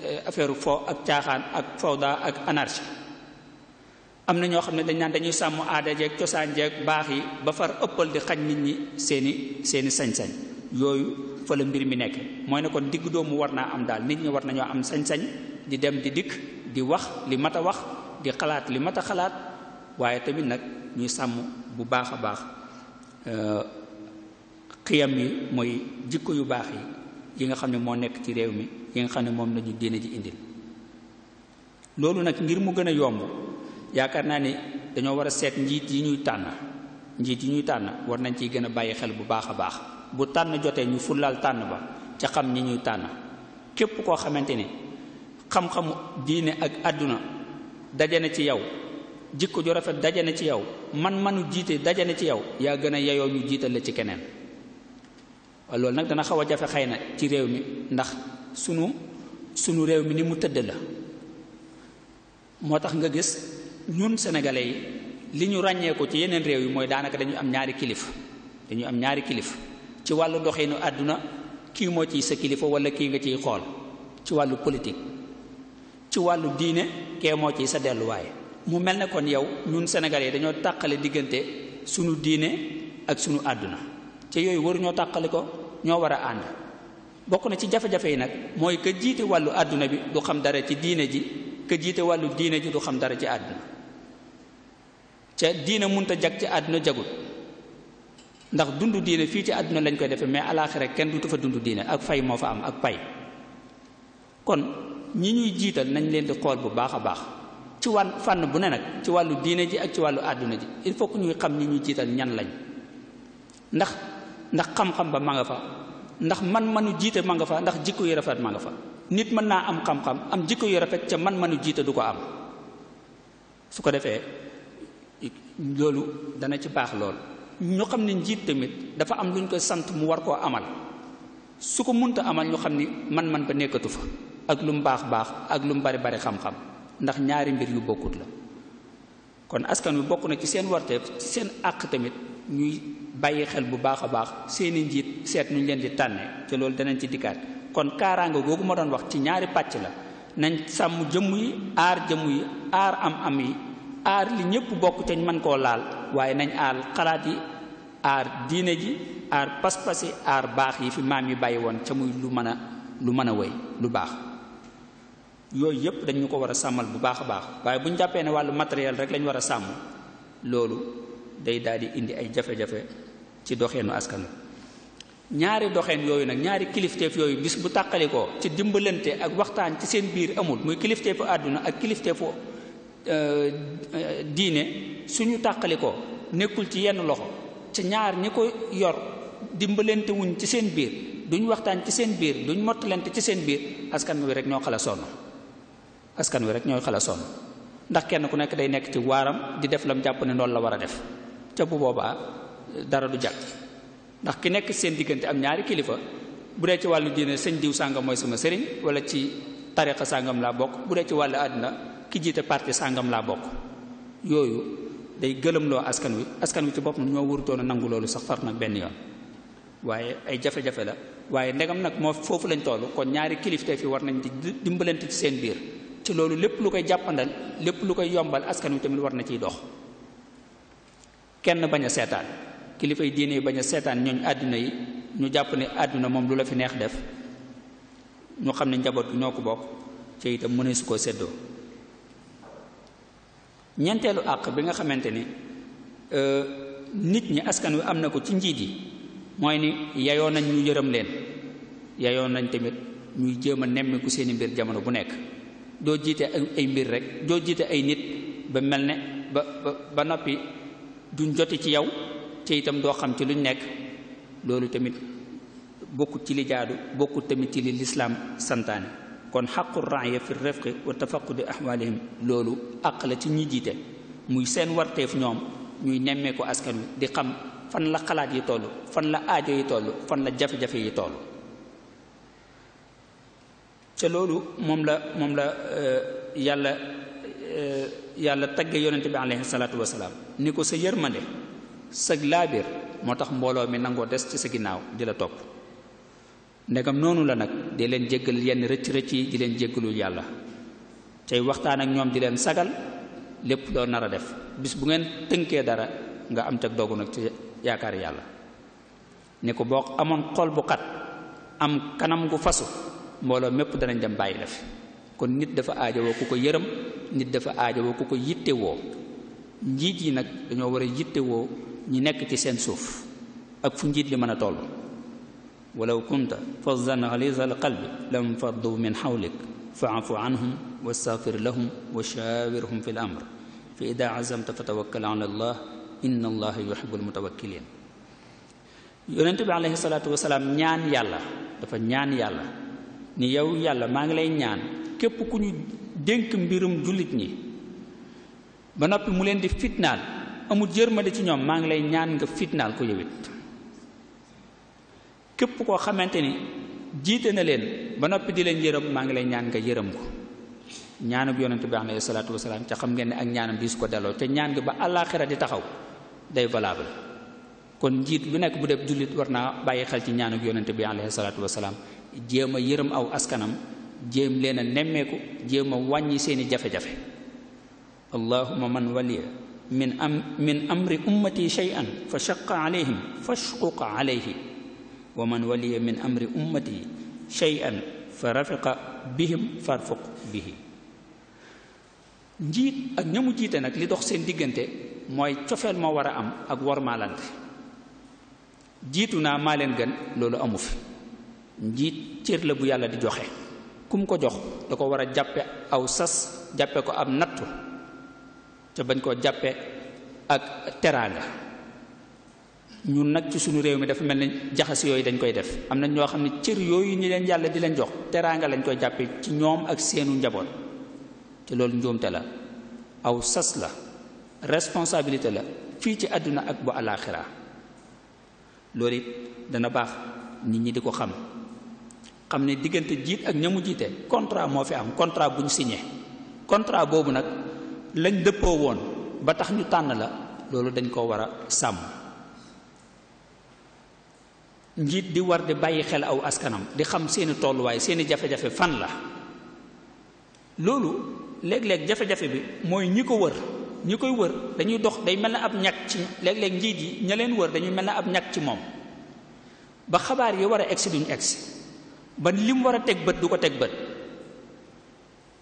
eh, affaire fo ak caaxaan ak fawda ak anarchi am na ñoo xam ne dañ naan dañuy sàmm aada jeeg cosaan jeeg baax yi ba far ëppal di xañ nit ñi seeni seeni sañ-sañ yooyu fa la mbir mi nekk mooy ne kon digg doomu war naa am daal nit ñi war nañoo am sañ-sañ di dem di dikk di wax li mata wax di xalaat li mata xalaat waaye tamit nag ñuy sàmm bu baax a baax eh, xiyam yi mooy jikko yu baax yi yi nga xam ne moo nekk ci réew mi yi nga xam ne moom lañu diine ji indil loolu nag ngir mu gën a yomb yaakaar naa ni dañoo war a seet njiit yi ñuy tànn njiit yi ñuy tànn war nañ ciy gën a bàyyi xel bu baax a baax bu tànn jotee ñu fullaal tànn ba ca xam ni ñuy tànn képp koo xamante ni xam-xamu diine ak àdduna daje na ci yow jikko ju rafet daje na ci yow man-manu jiite daje na ci yow yaa gën a yeyoo ñu jiital la ci keneen waaye loolu nag dana xaw a jafe xëy na ci réew mi ndax sunu sunu réew mi ni mu tëdd la moo tax nga gis ñun sénégalais yi li ñu ràññee ko ci yeneen réew yi mooy daanaka dañuy am ñaari kilifa dañu am ñaari kilifa ci wàllu doxinu àdduna kii moo ciy sa kilifa wala kii nga ciy xool ci wàllu politique ci wàllu diine kee moo ciy sa delluwaay mu mel ne kon yow ñun sénégalais yi dañoo tàqale diggante suñu diine ak sunu àdduna ca yooyu waruñoo tàqali ko ñoo war a ànd bokk na ci jafe-jafe yi nag mooy ka jiite wàllu àdduna bi du xam dara ci diine ji ka jiite wàllu diine ji du xam dara ci àdduna ca diine munta jag ci àdduna jagul ndax dund diine fii ci àdduna lañ koy defee mais alaaxira kenn dutu fa dundu diine ak fay moo fa am ak pay kon ñi ñuy jiital nañ leen di xool bu baax a baax ci wàll fànn bu ne nag ci wàllu diine ji ak ci wàllu àdduna ji il faut que ñuy xam ñi ñuy jiital ñan lañ ndax ndax xam-xam ba ma nga fa ndax man manu jiite ma nga fa ndax jikko yu rafet ma nga fa nit mën naa am xam-xam am jikko yu rafet ca man manu jiite du ko am su ko defee loolu dana ci baax lool ñu xam ne njiit tamit dafa am lu ñu ko sant mu war koo amal su ko munta amal ñu xam ni man-man ba nekkatu fa ak lu mu baax baax ak lu mu bari bari xam-xam ndax ñaari mbir yu bokkut la kon askan wi bokk na ci seen warteef ci seen àq tamit ñuy bàyyi xel bu baax a baax seeni njiit seet nuñ leen di tànne te loolu danañ ci dikkaat kon kaaraange googu ma doon wax ci ñaari pàcc la nañ sàmm jëmm yi aar jëmm yi aar am am yi aar li ñëpp bokk te ñu mën koo laal waaye nañ aar xalaat yi aar diine ji aar pas aar baax yi fi maam yi bàyyi woon ca muy lu mën a lu mën a wéy lu baax yooyu yëpp dañu ko war a sàmmal bu baax a baax waaye buñ jàppee ne wàll matériel rek lañu war a sàmm loolu day daal di indi ay jafe ci doxeenu askan ñaari doxeen yooyu nag ñaari kilifteef yooyu bis bu tàqalikoo ci dimbalante ak waxtaan ci seen biir amul muy kilifteefu àdduna ak kilifteefu euh, diine suñu tàqalikoo nekkul ci yenn loxo ci ñaar ñi ko yor dimbalante ci seen biir duñ waxtaan ci seen biir duñ mottalante ci seen biir askan wi rek ñoo xala sonn askan wi rek ñooy xala sonn ndax kenn ku nekk day nekk ci waaram di def lam jàpp ne noonu la war a def ca bu boobaa dara du jàkk ndax ki nekk seen diggante am ñaari kilifa bu dee ci wàllu diine sëñ diw sàngam mooy sama sëriñ wala ci tariqa sàngam laa bokk bu dee ci wàllu àddina ki jiite parti sàngam laa bokk yooyu day loo askan wi askan wi ci boppam ñoo warutoon a nangu loolu sax far nag benn yoon waaye ay jafe-jafe la waaye ndegam nag moo foofu lañ toll kon ñaari kilifte fi war nañ di dimbalante ci seen biir ci loolu lépp lu koy jàppandal lépp lu koy yombal askan wi tamit war na ciy dox kenn bañ seetaan kilifay diine bañ a seetaan ñooñ àdduna yi ñu jàpp ne àdduna moom lu la fi neex def ñu xam ne njaboot ñoo ko bokk ci itam mënees koo séddoo ñeenteelu àq bi nga xamante ni euh, nit ñi askan wi am na ko ci njiit yi mooy ni yayoo nañ ñu yërëm leen yayoo nañ tamit ñuy jéem a nemmiku seeni mbir jamono bu nekk doo jiite ay mbir rek doo jiite ay nit ba mel ne ba ba noppi duñ joti ci yow te itam doo xam ci luñ nekk loolu tamit bokkut ci li jaadu bokkut tamit ci li lislaam santaane kon xaqu raaya fi rifqi wa tafaqudi ahwalihim loolu àq la ci ñi jiite muy seen warteef ñoom ñuy nemmeeku askan wi di xam fan la xalaat yi toll fan la aajo yi toll fan la jafe-jafe yi toll ca loolu moom la moom la euh, yàlla euh, yàlla tagge yonente bi aleyhi salaatu wasalaam ni ko sa yërmande sag laabir moo tax mi nango dess ci sa ginaaw di la topp ndegam noonu la nak di len jéggal yenn recc recc yi di len jéggalu yalla tay waxtaan ak ñom di len sagal lepp do nara def bis bu ngeen teunké dara nga am teg dogu nak ci yaakar yalla ne ko bok amon xol bu kat am kanam gu fasu mbolo mépp danañ dem bayyi def kon nit dafa aja ku ko yërëm nit dafa aajowoo ku ko yittewoo njiit yi nak dañoo wara yitté yittewoo ñi nekk ci seen suuf ak fu njiit li mën a toll walaw kunta fasdan xalisa al qalbi lam faddu min xawlik faafu anhum wastaxfir lahum wa shaawirhum fi l amr fa ida azamta fa tawakkal ala allah inna allaha yuhibu almutawakkilin yonent bi alayhi salaatu wasalaam ñaan yàlla dafa ñaan yàlla ni yow yàlla maa ngi lay ñaan képp ku ñu dénk mbirum jullit ñi ba noppi mu leen di fitnaal amut yërmande ci ñoom maa ngi lay ñaan nga fitnaal ko yow képp koo xamante ni jiite na leen ba noppi di leen yërëm maa ngi lay ñaan nga yërëm ko ñaanub yonent bi alayhi salaatu wasalaam ca xam ngeen ak ñaanam diis ko delloo te ñaan ba àllaaxira di taxaw day valable kon njiit bu nekk bu def jullit war naa bàyyi xel ci ñaanub yonent bi alayhi salaatu wasalaam jéem a yërëm aw askanam jéem leen a nemmeeku jéem a wàññi seeni jafe-jafe allahumma man waliya من أم من أمر أمتي شيئا فشق عليهم فاشقق عليه ومن ولي من أمر أمتي شيئا فرفق بهم فارفق به نجي اك نيمو جيتي نك لي دوخ سين ديغنتي موي تيوفال ما ورا ام اك وار مالانت جيتونا مالين گن لولو امو في نجيت تير لا بو يالا دي جوخه كوم كو جوخ داكو ورا جابي او ساس جابي كو اب ناتو te bañ ko jàppe ak teranga ñun nak ci suñu réew mi dafa melni jaxas yoy dañ koy def amna ño xamni cër yoy ñi leen yalla di leen jox teranga lañ koy jappé ci ñoom ak seenu njabot ci lool njuumte la aw sas la responsabilité la fi ci aduna ak bu alakhira loolu dana baax nit ñi di ko xam xam ne diggante jiit ak ñamu jiite contrat moo fi am contrat buñ signé contrat boobu nag lañ dëppoo woon ba tax ñu tànn la loolu dañ ko war a sàmm njiit di war di bàyyi xel aw askanam di xam seeni tolluwaay seeni jafe-jafe fan la loolu léeg-léeg jafe-jafe bi mooy ñi ko wër ñi koy wër dañuy dox day mel na ab ñàkk ci léeg-léeg njiit yi ña leen wër dañuy mel na ab ñàkk ci moom ba xabaar yi war a egsi duñu egsi ba li war a teg bët du ko teg bët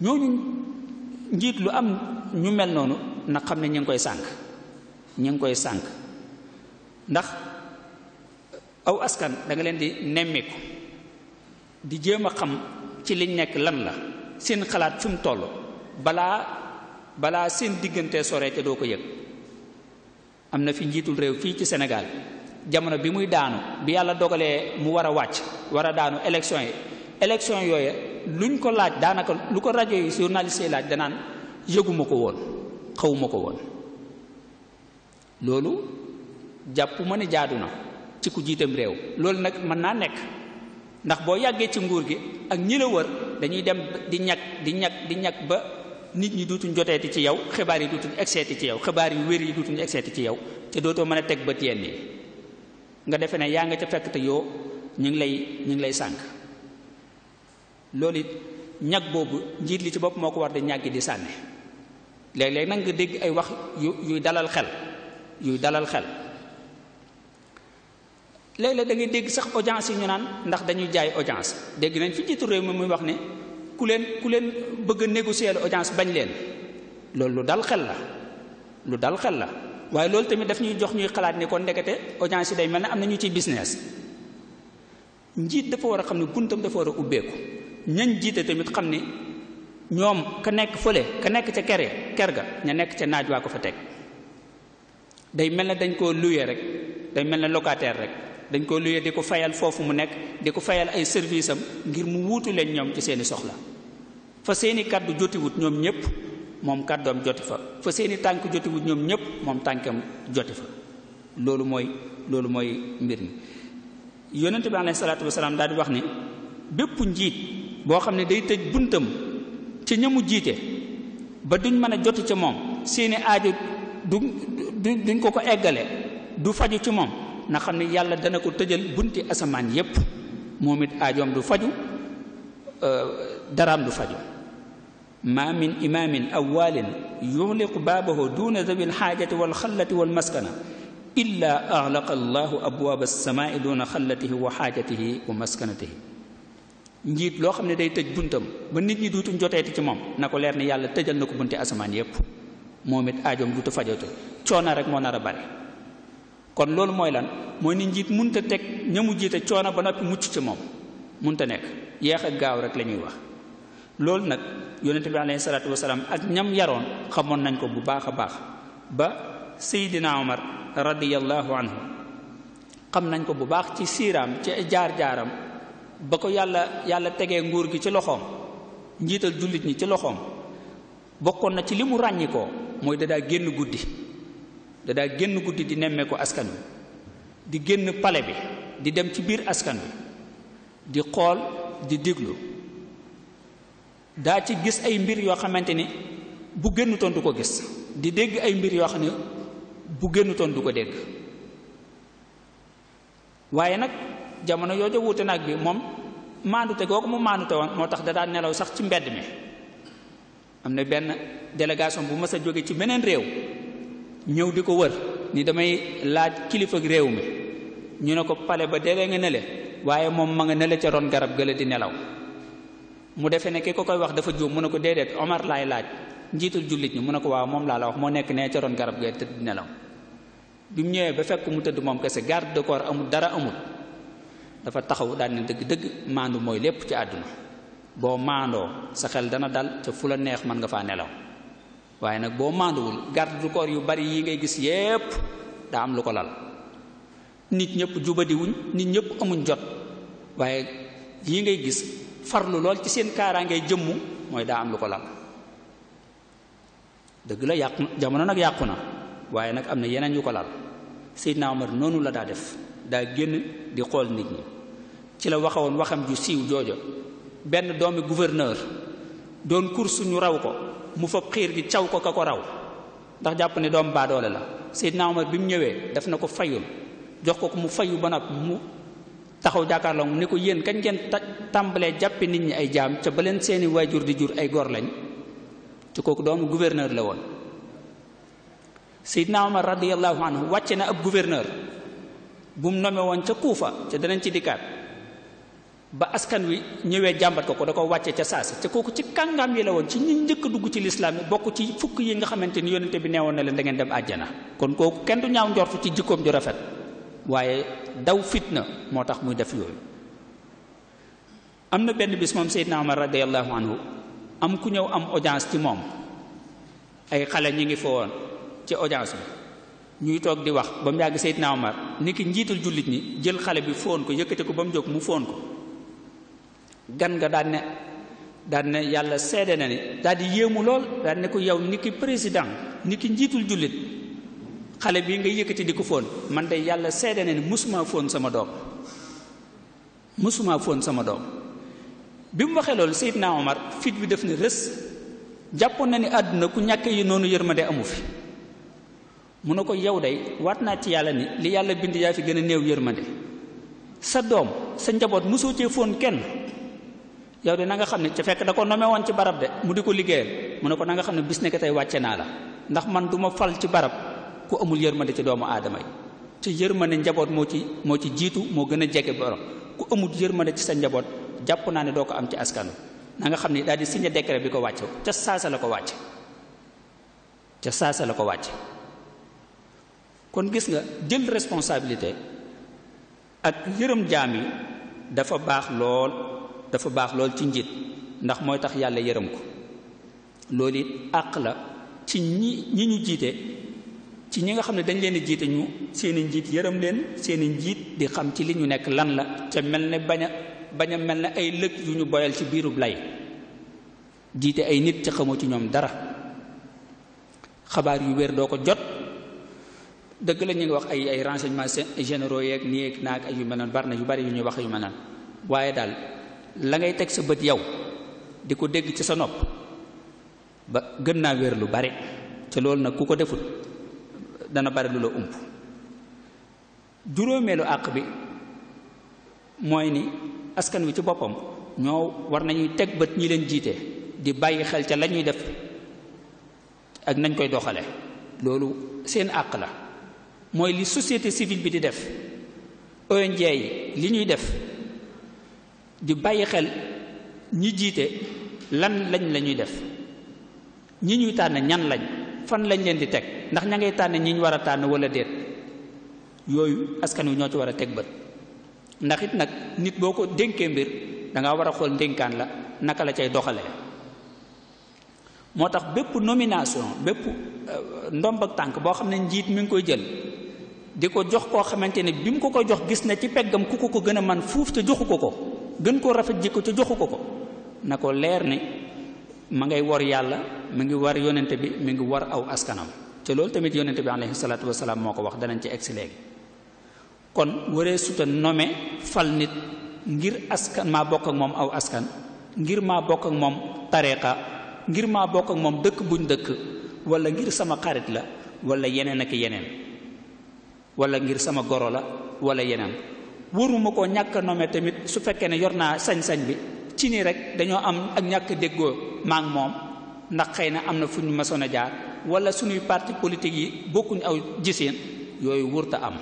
ñooñu njiit lu am ñu mel noonu na xam ne ñu ngi koy sànk ñu ngi koy sànk ndax aw askan da leen di nemmiku di jéem a xam ci liñ nekk lan la seen xalaat fi mu toll balaa balaa seen diggante sore te doo ko yëg am na fi njiitul réew fii ci senegal jamono bi muy daanu bi yàlla dogalee mu war a wàcc war a daanu élection yi élection yooya luñ ko laaj daanaka lu ko rajo yi journaliste yi laaj danaan yëguma ko woon xawuma ko woon loolu jàpp ma ne jaadu na ci ku jiitam réew loolu nag mën naa nekk ndax boo yàggee ci nguur gi ak ñi la wër dañuy dem di ñag di ñag di ñakk ba nit ñi duutuñ joteeti ci yow xibaar yi duutuñ egseeti ci yow xibaar yu wér yi duutuñ egseeti ci yow te dootoo mën a teg ba yenn yi nga defe ne yaa nga ca fekk te yoo ñu ngi lay ñu ngi lay sànk loolu it ñag boobu njiit li ci bopp moo ko war di ñàggi di sànni léeg-léeg nag nga dégg ay wax yu yuy dalal xel yuy dalal xel léeg-léeg da ngay dégg sax audience yi ñu naan ndax dañuy jaay audience dégg nañ fi njiitu réew mi muy wax ni ku leen ku leen bëgg a négocier audience bañ leen loolu lu dal xel la lu dal xel la waaye loolu tamit daf ñuy jox ñuy xalaat ni kon ndekete audience yi day mel ne am na ñu ci business njiit dafa war a xam ne buntam dafa war a ubbeeku ñañ jiite tamit xam ni ñoom ka nekk fële ka nekk ca kere ker ga ña nekk ca naaj waa ko fa teg day mel ne dañ koo luye rek day mel ne locataire rek dañ koo luye di ko fayal foofu mu nekk di ko fayal ay service am ngir mu wuutu leen ñoom ci seeni soxla fa seeni kàddu jotiwut ñoom ñépp moom kàddoom joti fa fa seeni tànk jotiwut ñoom ñëpp moom tànkam joti fa loolu mooy loolu mooy mbir mi yonente bi alayhi salaatu wasalaam daal di wax ni bépp njiit boo xam ne day tëj buntam ci ñamu jiite ba duñ mën a jot ci moom seeni aajo du duñ ko ko eggale du faju ci moom na xam ne yàlla dana ko tëjal bunti asamaan yépp moom it aajoom du faju euh, daraam du faju ma min imaamin awalin yuxliqu baabahu duna dawi alxaajati walxallati walmaskana illa axlaqa allahu abwaaba alsamaai duna xallatihi wa xaajatihi wa maskanatihi njiit loo xam ne day tëj buntam ba nit ñi duutuñ joteeti ci moom na ko leer ne yàlla tëjal na ko bunte asamaan yépp moom it aajoom duutu fajote coono rek moo nar a bare kon loolu mooy lan mooy ni njiit munta teg ñamu jiite coono ba noppi mucc ci moom munta nekk yeex ak gaaw rek la ñuy wax loolu nag yonente bi alayhi salaatu wasalaam ak ñam yaroon xamoon nañ ko bu baax a baax ba Seydina Omar radiyallahu anhu xam nañ ko bu baax ci siiraam ci jaar jaaram ba ko yàlla yàlla tegee nguur gi ci loxoom njiital jullit ñi ci loxoom bokkoon na ci li mu ràññi mooy dadaa génn guddi dadaa génn guddi di nemmee ko askan wi di génn pale bi di dem ci biir askan wi di xool di diglu daa ci gis ay mbir yoo xamante ni bu génnutoon du ko gis di dégg ay mbir yoo xam ne bu génnutoon du ko dégg waaye nag jamono yooju wuute nag bi moom maandute googu mu maandute woon moo tax da daal nelaw sax ci mbedd mi am na benn délégation bu mës a jóge ci beneen réew ñëw di ko wër ni damay laaj kilifa réew mi ñu ne ko pale ba delee nga nele waaye moom ma nga nele ca ron garab gële di nelaw mu defee ne ki ko koy wax dafa juum mu ne ko déedéet Omar laay laaj njiitul jullit ñi mu ne ko waaw moom laa la wax moo nekk nee ca ron garab gële tëdd di nelaw bi mu ñëwee ba fekk mu tëdd moom kese garde de corps amul dara amul dafa taxaw daal ne dëgg-dëgg maandu mooy lépp ci àdduna boo màndoo sa xel dana dal te fu la neex mën nga faa nelaw waaye nag boo maanduwul garde du corps yu bari yi ngay gis yépp daa am lu ko lal nit ñëpp jubadiwuñ nit ñëpp amuñ jot waaye yi ngay gis farlu lool ci seen kaaraangay jëmmu mooy daa am lu ko lal dëgg la yàqu jamono nag yàqu na waaye nag am na yeneen yu ko lal Seydina Omar noonu la daa def daa génn di xool nit ñi ci la waxawoon waxam ju siiw joojo benn doomi gouverneur doon kursu suñu raw ko mu fab xiir gi caw ko ka ko raw ndax jàpp ne doom baadoole la Seydina Omar bi mu ñëwee daf na ko fayul jox ko ko mu fayu ba nag mu taxaw jàkkaarloo ni ko yéen kañ ngeen tàmbalee jàppe nit ñi ay jaam ca ba seeni waajur di jur ay gor lañ ci kooku doomu gouverneur la woon Seydina Omar radiallahu anhu wàcce na ab gouverneur bu mu nome ca Kuufa ca danañ ci dikkaat ba askan wi ñëwee jàmbat ko ko da ko wàcce ca si te kooku ci kàngaam yi la woon ci ñi njëkk dugg ci lislaam yi bokk ci fukk yi nga xamante ni yonente bi neewoon na leen da ngeen dem àjjana kon kooku kenn du ñaaw njortu ci jikkoom ju rafet waaye daw fitna moo tax muy def yooyu am na benn bis moom Seydina Omar radiallahu anhu am ku ñëw am audience ci moom ay xale ngi fa ci audience bi ñuy toog di wax ba mu yàgg Seydina Omar ni ki njiitul jullit ñi jël xale bi foon ko yëkkati ko ba mu jóg mu foon ko gan nga daan ne daan yàlla seede na ni daal di yéemu lool daan ne ko yow ni ki président ni ki njiitul jullit xale bi ngay yëkkati di ko foon man de yàlla seede na ni musuma foon sama doom musuma foon sama doom bi mu waxee loolu Seydina Omar fit bi def ne rës jàppoon na ni àdduna ku ñàkk yi noonu ma yërmande amu fi mu ne ko yow day waat naa ci yàlla ni li yàlla bind yaa fi gën a néew yërmande sa doom sa njaboot mosoo cee fóon kenn yow de na nga xam ne ca fekk da ko nome woon ci barab de mu di ko liggéeyam mu ne ko nanga xam ne bis nekk tey wàcce naa la ndax man du ma fal ci barab ku amul yërmande ci doomu aadama yi te yërmande njaboot moo ci moo ci jiitu moo gën a jege borom ku amul yërmande ci sa njaboot jàpp naa ne doo ko am ci askanu na nga xam ne daal di signé bi ko wàcce ca saasa la ko wàcce ca saasa la ko wàcce kon gis nga jël responsabilité ak yërëm jaam yi dafa baax lool dafa baax lool ci njiit ndax mooy tax yàlla yërëm ko loolu it àq la ci ñi ñi ñu jiite ci ñi nga xam ne dañ leen di jiite ñu seeni njiit yërëm leen seeni njiit di xam ci li ñu nekk lan la ca mel ne bañ a mel ne ay lëg yu ñu boyal ci biirub lay jiite ay nit ca xamoo ci ñoom dara xabaar yu wér doo ko jot dëgg la ñu ngi wax ay ay renseignements généro yeeg nii yeeg naag yu mel bari na yu bari yu ñuy wax yu mel waaye daal la ngay teg sa bët yow di ko dégg ci sa nopp ba gën naa wér lu bari te loolu nag ku ko deful dana bari lu la ump juróomeelu àq bi mooy ni askan wi ci boppam ñoo war nañuy teg bët ñi leen jiite di bàyyi xel ca la def ak nañ koy doxale loolu seen àq la moy li société civile bi di def ONG li ñuy def di bayyi xel ñi jité lan lañ la def ñi ñuy tan ñan lañ fan lañ leen di tek ndax ña ngay tànn ñi ñu war wala deet yoyu askan wi ñoo ci wara tek ba ndax it nak nit boko denké mbir da nga wara xol denkan la naka la cey doxale motax bepp nomination bepp euh, ndomb ak tank bo xamne njit mi ngi koy jël di ko jox koo xamante ne bi mu ko ko jox gis na ci peggam ku ko ko gën a man fuuf te joxu ko ko gën koo rafet jikko te joxu ko ko na ko leer ne ma ngay wor yàlla mi ngi war yonente bi mi ngi war aw askanam te loolu tamit yonente bi alayhi salaatu wasalaam moo ko wax danañ ci egsi léegi kon waree suta nome fal nit ngir askan maa bokk ak moom aw askan ngir maa bokk ak moom tariqa ngir maa bokk ak moom dëkk buñ dëkk wala ngir sama xarit la wala yeneen ak yeneen wala ngir sama goro la wala yeneen waruma koo ñàkk nome tamit su fekkee ne yor naa sañ-sañ bi ci nii rek dañoo am ak ñàkk déggoo maa moom ndax xëy na am na fu ñu mësoon a jaar wala suñuy parti politique yi bokkuñu aw giseen yooyu wurta am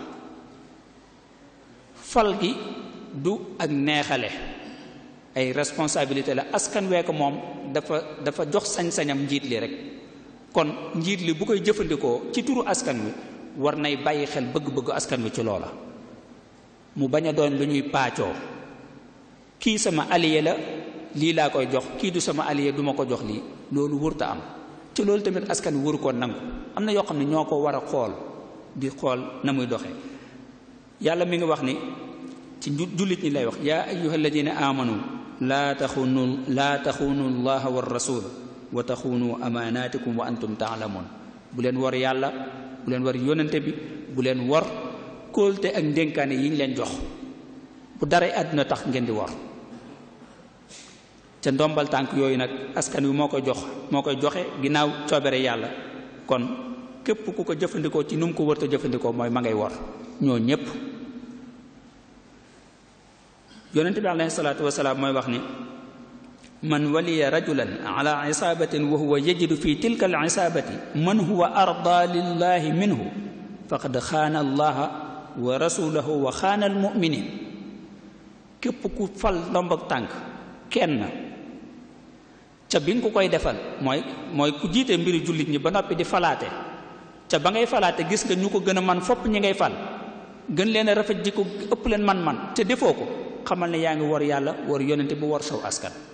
fal gi du ak neexale ay responsabilité la askan wee ko moom dafa dafa jox sañ-sañam njiit li rek kon njiit li bu koy jëfandikoo ci turu askan wi war nay bàyyi xel bëgg-bëggu askan wi ci loola mu bañ a doon lu ñuy paacoo kii sama allié la lii laa koy jox kii du sama allié duma ko jox lii loolu wërta am ci loolu tamit askan bi wër koo nangu am na yoo xam ne ñoo ko war a xool di xool na muy doxee yàlla mi ngi wax ni ci jullit ñi lay wax yaa ayyuha alladina amanu laa taxunu laa taxunu allaha wa rasul wa taxunu amaanatikum wa antum taalamun bu leen yàlla bu leen war yónnante bi bu leen war kóolte ak ndénkaane yi ñu leen jox bu dara àdduna tax ngeen di war ca ndombal tànk yooyu nag askan wi moo koy jox moo koy joxe ginnaaw coobere yàlla kon képp ku ko jëfandikoo ci nu mu ko wërta jëfandikoo mooy ma ngay war ñoo ñépp yonent bi alayhi salaatu wasalaam mooy wax ni من ولي رجلا على عصابة وهو يجد في تلك العصابة من هو أرضى لله منه فقد خان الله ورسوله وخان المؤمنين كيف فال دمبك تانك كين تبين كو كوي دفل موي موي كو جيتي مبير جوليت ني بنا بي فالاتي تبا غي فالاتي جيس نيو كو غنا لين رافت ديكو اوب لين مان مان تي ديفوكو خمال ني ياغي وور يالا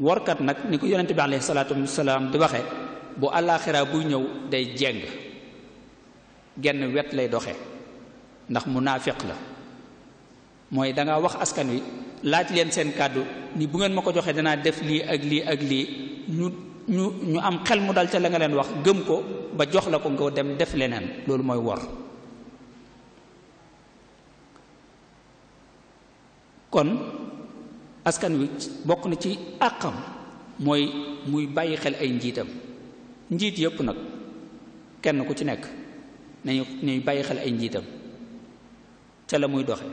workat nag ni ko yonente bi alayhi salaam di waxe bu àllaaxira buy ñëw day jeng genn wet lay doxe ndax munaafiq la mooy danga wax askan wi laaj leen seen kàddu ni bu ngeen ma ko joxee danaa def lii ak lii ak lii ñu ñu ñu am xel mu dal ca la nga leen wax gëm ko ba jox la ko nga dem def leneen loolu mooy wor kon askan wi bokk na ci àqam mooy muy bàyyi xel ay njiitam njiit yépp nag kenn ku ci nekk nañu nañu bàyyi xel ay njiitam ca la muy doxe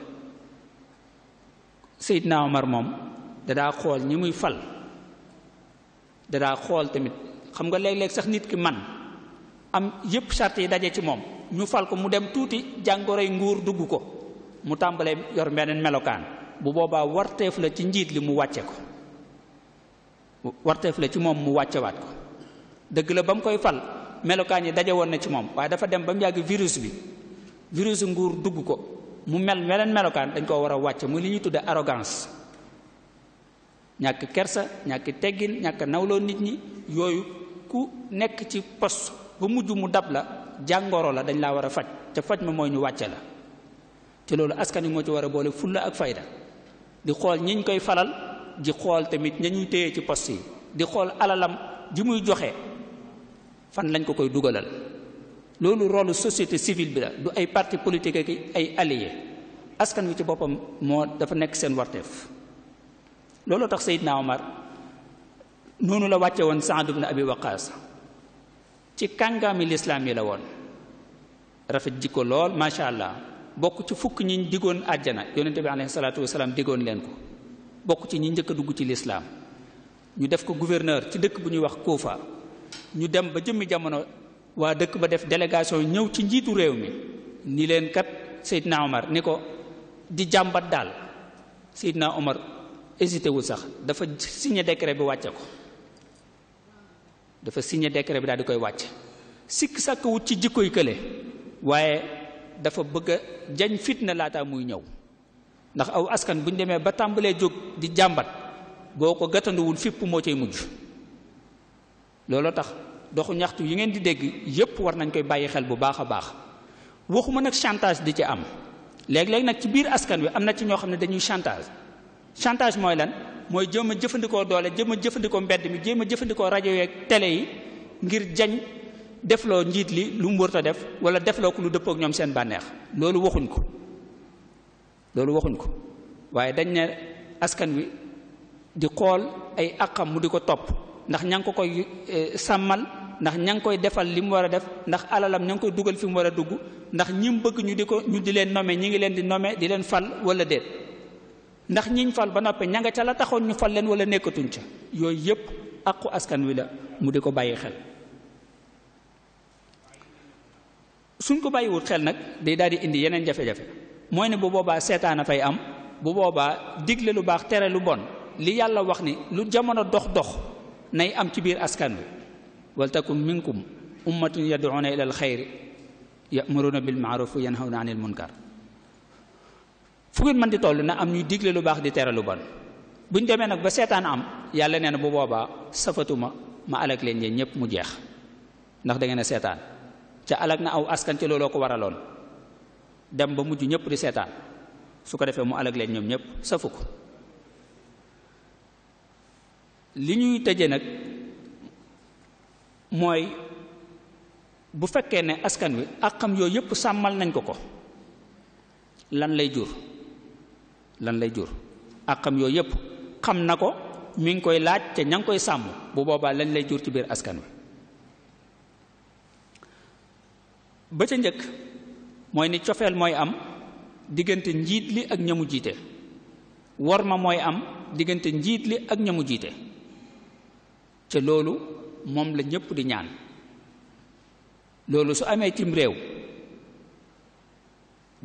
na Omar moom dadaa xool ñi muy fal dadaa xool tamit xam nga léeg-léeg sax nit ki man am yépp charte yi daje ci moom ñu fal ko mu dem tuuti jàngoroy nguur dugg ko mu tàmbalee yor beneen melokaan bu boobaa warteef la ci njiit li mu wàcce ko warteef la ci moom mu wàccewaat ko dëgg la ba mu koy fal melokaan yi daje woon na ci moom waaye dafa dem ba mu yàgg virus bi virus nguur dugg ko mu mel meleen melokaan dañ koo war a wàcce mu li ñuy tudde arrogance ñàkk kersa ñàkk teggin ñàkk nawloo nit ñi yooyu ku nekk ci poste ba mujj mu dab la jàngoro la dañ laa war a faj ca faj ma mooy ñu wàcce la ci loolu askan yi moo ci war a boole fulla ak fayda di xool ñiñ koy falal di xool tamit ñañuy téye ci poste yi di xool alalam ji muy joxe fan lañ ko koy dugalal loolu rôle société civile bi la du ay parti politique ak ay alliés askan wi ci boppam moo dafa nekk seen warteef looloo tax Seydina Omar noonu la wàcce woon Saad ibn Abi Waqaas ci kàngami lislaam yi la woon rafet jikko lool macha allah bokk ci fukk ñi digoon àjjana yonente bi alayhi salaatu wasalaam digoon leen ko bokk ci ñi njëkk dugg ci lislaam ñu def ko gouverneur ci dëkk bu ñuy wax Kuufa ñu dem ba jëmmi jamono waa dëkk ba def délégation ñëw ci njiitu réew mi ni leen kat Seydina Omar ni ko di jàmbat daal Seydina Omar hésité wul sax dafa signé décret bi wàcce ko dafa signé décret bi daal di koy wàcce sikk sàkk ci jikkoy kële waaye dafa bëgg a jañ fitna laataa muy ñëw ndax aw askan bu ñu demee ba tàmbalee jóg di jàmbat boo ko gàttanduwul fipp moo ciy mujj looloo tax doxu ñaxtu yi ngeen di dégg yépp war nañ koy bàyyi xel bu baax a baax waxuma nag chantage di ci am léeg-léeg nag ci biir askan wi am na ci ñoo xam ne dañuy chantage chantage mooy lan mooy jéem a jëfandikoo doole jéem a jëfandikoo mbedd mi jéem a jëfandikoo rajo yeeg télé yi ngir jañ defloo njiit li lu mu wërta def wala defloo ko lu dëppook ñoom seen bànneex loolu waxuñ ko loolu waxuñ ko waaye dañ ne askan wi di xool ay àqam mu di ko topp ndax ña ngi ko koy eh, sàmmal ndax ña ngi koy defal li mu war a def ndax alalam ña ngi koy dugal fi mu war a dugg ndax ñi mu bëgg ñu di ko ñu di leen nome ñi ngi leen di nome di leen fal wala déet ndax ñiñ fal ba noppee ña nga ca la taxoon ñu fal leen wala nekkatuñ ca yooyu yépp àqu askan wi la mu suñ ko bàyyiwut xel nag day daal di indi yeneen jafe-jafe mooy ne bu boobaa seetaan fay am bu boobaa digle lu baax tere lu bon li yàlla wax ni lu jamono dox dox nay am ci biir askan wi waltakum minkum ummatun yad'una ila alxayri ya'muruna bil ma'ruf wa yanhawna anil munkar fu ngeen mën di toll na am ñuy digle lu baax di tere lu bon buñ demee nag ba seetaan am yàlla nee na bu boobaa safatuma ma alak leen yéen ñëpp mu jeex ndax da ngeen a seetaan ca alag na aw askan ci looloo ko waraloon dem ba mujj ñëpp di seetaan su ko defee mu alag leen ñoom ñëpp safu ko li ñuy tëje nag mooy bu fekkee ne askan wi àqam yooyu yëpp sàmmal nañ ko ko lan lay jur lan lay jur àqam yooyu yëpp xam na ko mu ngi koy laaj te ña ngi koy sàmm bu boobaa lañ lay jur ci biir askan wi ba ca njëkk mooy ni cofeel mooy am diggante njiit li ak ñamu jiite war ma mooy am diggante njiit li ak ñamu jiite te loolu moom la ñëpp di ñaan loolu su amee cim réew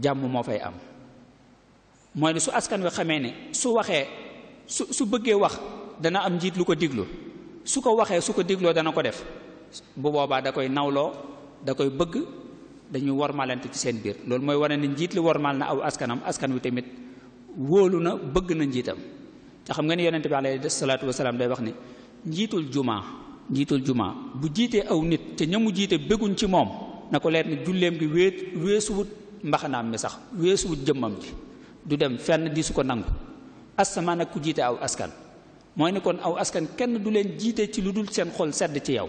jàmm moo fay am mooy ne su askan wi xamee ne su waxee su su bëggee wax dana am njiit lu ko diglu su ko waxee su ko digloo dana ko def bu boobaa da koy nawloo da koy bëgg dañu wormalante ci seen biir loolu mooy wane ne njiit li wormal na aw askanam askan wi tamit wóolu na bëgg na njiitam te xam nga ni yonente bi alayhi salaatu wasalaam day wax ni njiitul jumaa njiitul jumaa bu jiitee aw nit te ña mu jiite bëgguñ ci moom na ko leer ne julleem gi wéet weesuwut mbaxanaam mi sax weesuwut jëmmam ji du dem fenn di su ko nangu asamaan ak ku jiite aw askan mooy ni kon aw askan kenn du leen jiite ci lu dul seen xool sedd ci yow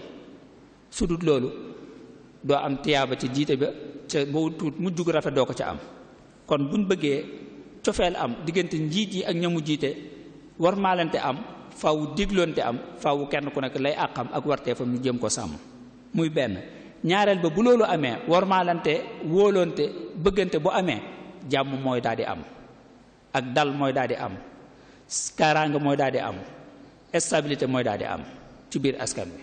su dul loolu doo am tiyaaba ca jiite ba ca boo tuut mu gu rafet doo ko ca am kon buñ bëggee cofeel am diggante njiit yi ak ñamu jiite war am faw digloonte am faaw kenn ku nekk lay àqam ak warteefam ñu jëm ko sàmm muy benn ñaareel ba bu loolu amee war maalante wóoloonte bëggante bu amee jàmm mooy daal di am ak dal mooy daal di am kaaraanga mooy daal di am stabilité mooy daal di am ci biir askan bi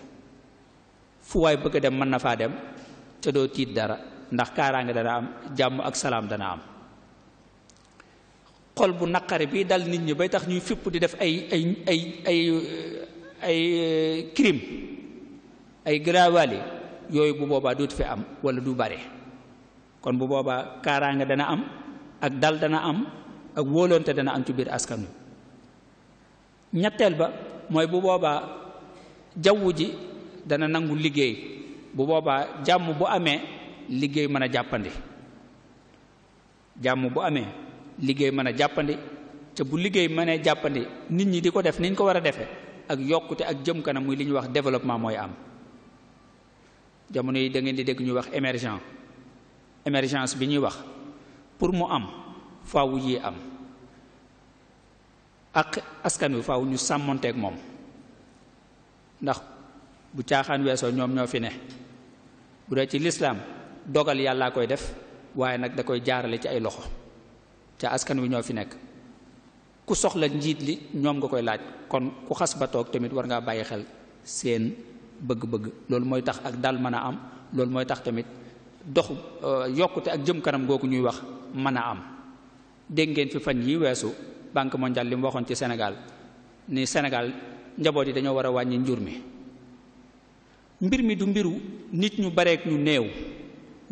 fu waay bëgg a dem mën na faa dem te do tit dara ndax karanga dara am jamm ak salam dana am xol bu nakari bi dal nit ñi bay tax ñuy fipp di def ay ay ay ay ay crime ay grawali yoy bu boba dootu fi am wala du bare kon bu boba karanga dana am ak dal dana am ak wolonté dana am ci bir askanu ñettel ba moy bu boba jawuji dana nangul liggey bu boba jamm bu amé liggéey mëna jappandi jamm bu amé liggéey mëna jappandi té bu liggéey mëna jappandi nit ñi di def niñ ko wara défé ak yokuté ak jëm kanam muy liñ wax développement moy am jamono yi da ngeen di dégg ñu wax émergent émergence bi ñuy wax pour mu am faawu yi am ak askan wi faawu ñu ak mom ndax bu caaxaan weesoo ñoom ñoo fi ne bu dee ci lislaam dogal yàllaa koy def waaye nag da koy jaarale ci ay loxo ca askan wi ñoo fi nekk ku soxla njiit li ñoom nga koy laaj kon ku xas ba toog tamit war ngaa bàyyi xel seen bëgg-bëgg loolu mooy tax ak dal mën a am loolu mooy tax tamit dox euh, yokkute ak jëm kanam googu ñuy wax mën a am dégg ngeen fi fan yi weesu banque mondiale li mu waxoon ci senegal ni senegal njaboot yi dañoo war a wàññi njur mi mbir mi du mbiru nit ñu bareek ñu néew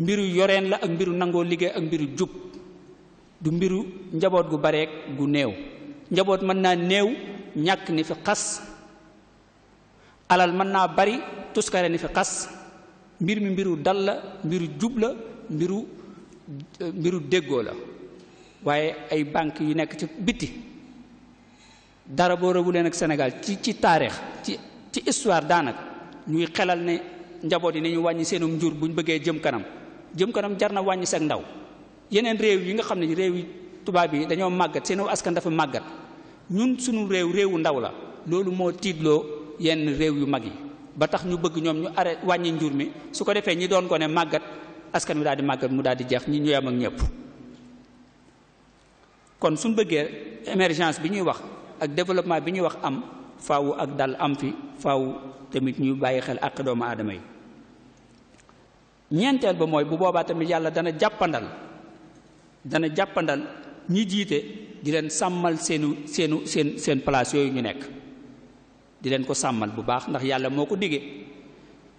mbiru yoreen la ak mbiru nangoo liggéey ak mbiru jub du mbiru njaboot gu bareek gu néew njaboot mën naa néew ñàkk ni fi xas alal mën naa bari tuskare ni fi xas mbir mi mbiru dal la mbiru jub la mbiru euh, mbiru déggoo la waaye ay banque yu nekk ci biti dara boo rëbu leen ak senegal ci ci taarix ci ci histoire daanaka ñuy xelal ne njaboot yi nañu wàññi seenum njur buñ bëggee jëm kanam jëm kanam jar na wàññi seen ndaw yeneen réew yi nga xam ne réew yi tubaab yi dañoo màggat seen askan dafa màggat ñun suñu réew réewu ndaw la loolu moo tiitloo yenn réew yu mag yi ba tax ñu bëgg ñoom ñu arrêté wàññi njur mi su ko defee ñi doon ko màggat askan wi daal di màggat mu daal di jeex ñi ñu yem ak ñëpp kon suñ bëggee émergence bi ñuy wax ak développement bi ñuy wax am faawu ak dal am tamit ñu bàyyi xel ak doomu aadama yi ñeenteel ba mooy bu boobaa tamit yàlla dana jàppandal dana jàppandal ñi jiite di leen sàmmal seenu seenu seen seen place yooyu ñu nekk di leen ko sàmmal bu baax ndax yàlla moo ko diggee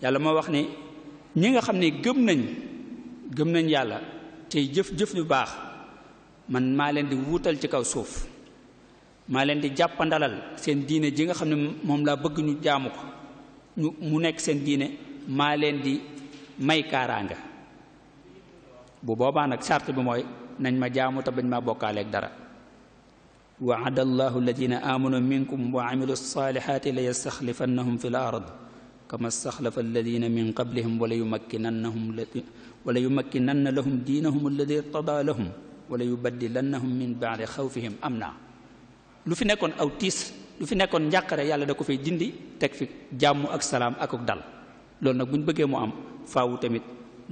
yàlla moo wax ni ñi nga xam ne gëm nañ gëm nañ yàlla tey jëf-jëf lu baax man maa leen di wuutal ci kaw suuf maa leen di jàppandalal seen diine ji nga xam ne moom laa bëgg ñu jaamu ko mu nekk seen diine maa leen di may kaaraanga bu boobaa nag sart bi mooy nañ ma jaamu te bañ maa bokkaaleeg dara وعد الله الذين آمنوا منكم وعملوا الصالحات ليستخلفنهم في الأرض كما استخلف الذين من قبلهم وليمكننهم وليمكنن لهم دينهم الذي ارتضى لهم وليبدلنهم من بعد خوفهم أمنا lu fi nekkoon aw tiis lu fi nekkoon njàqare yàlla da ko fay dindi teg fi jàmm ak salaam ak ak dal loolu nag bu ñu bëggee mu am faawu tamit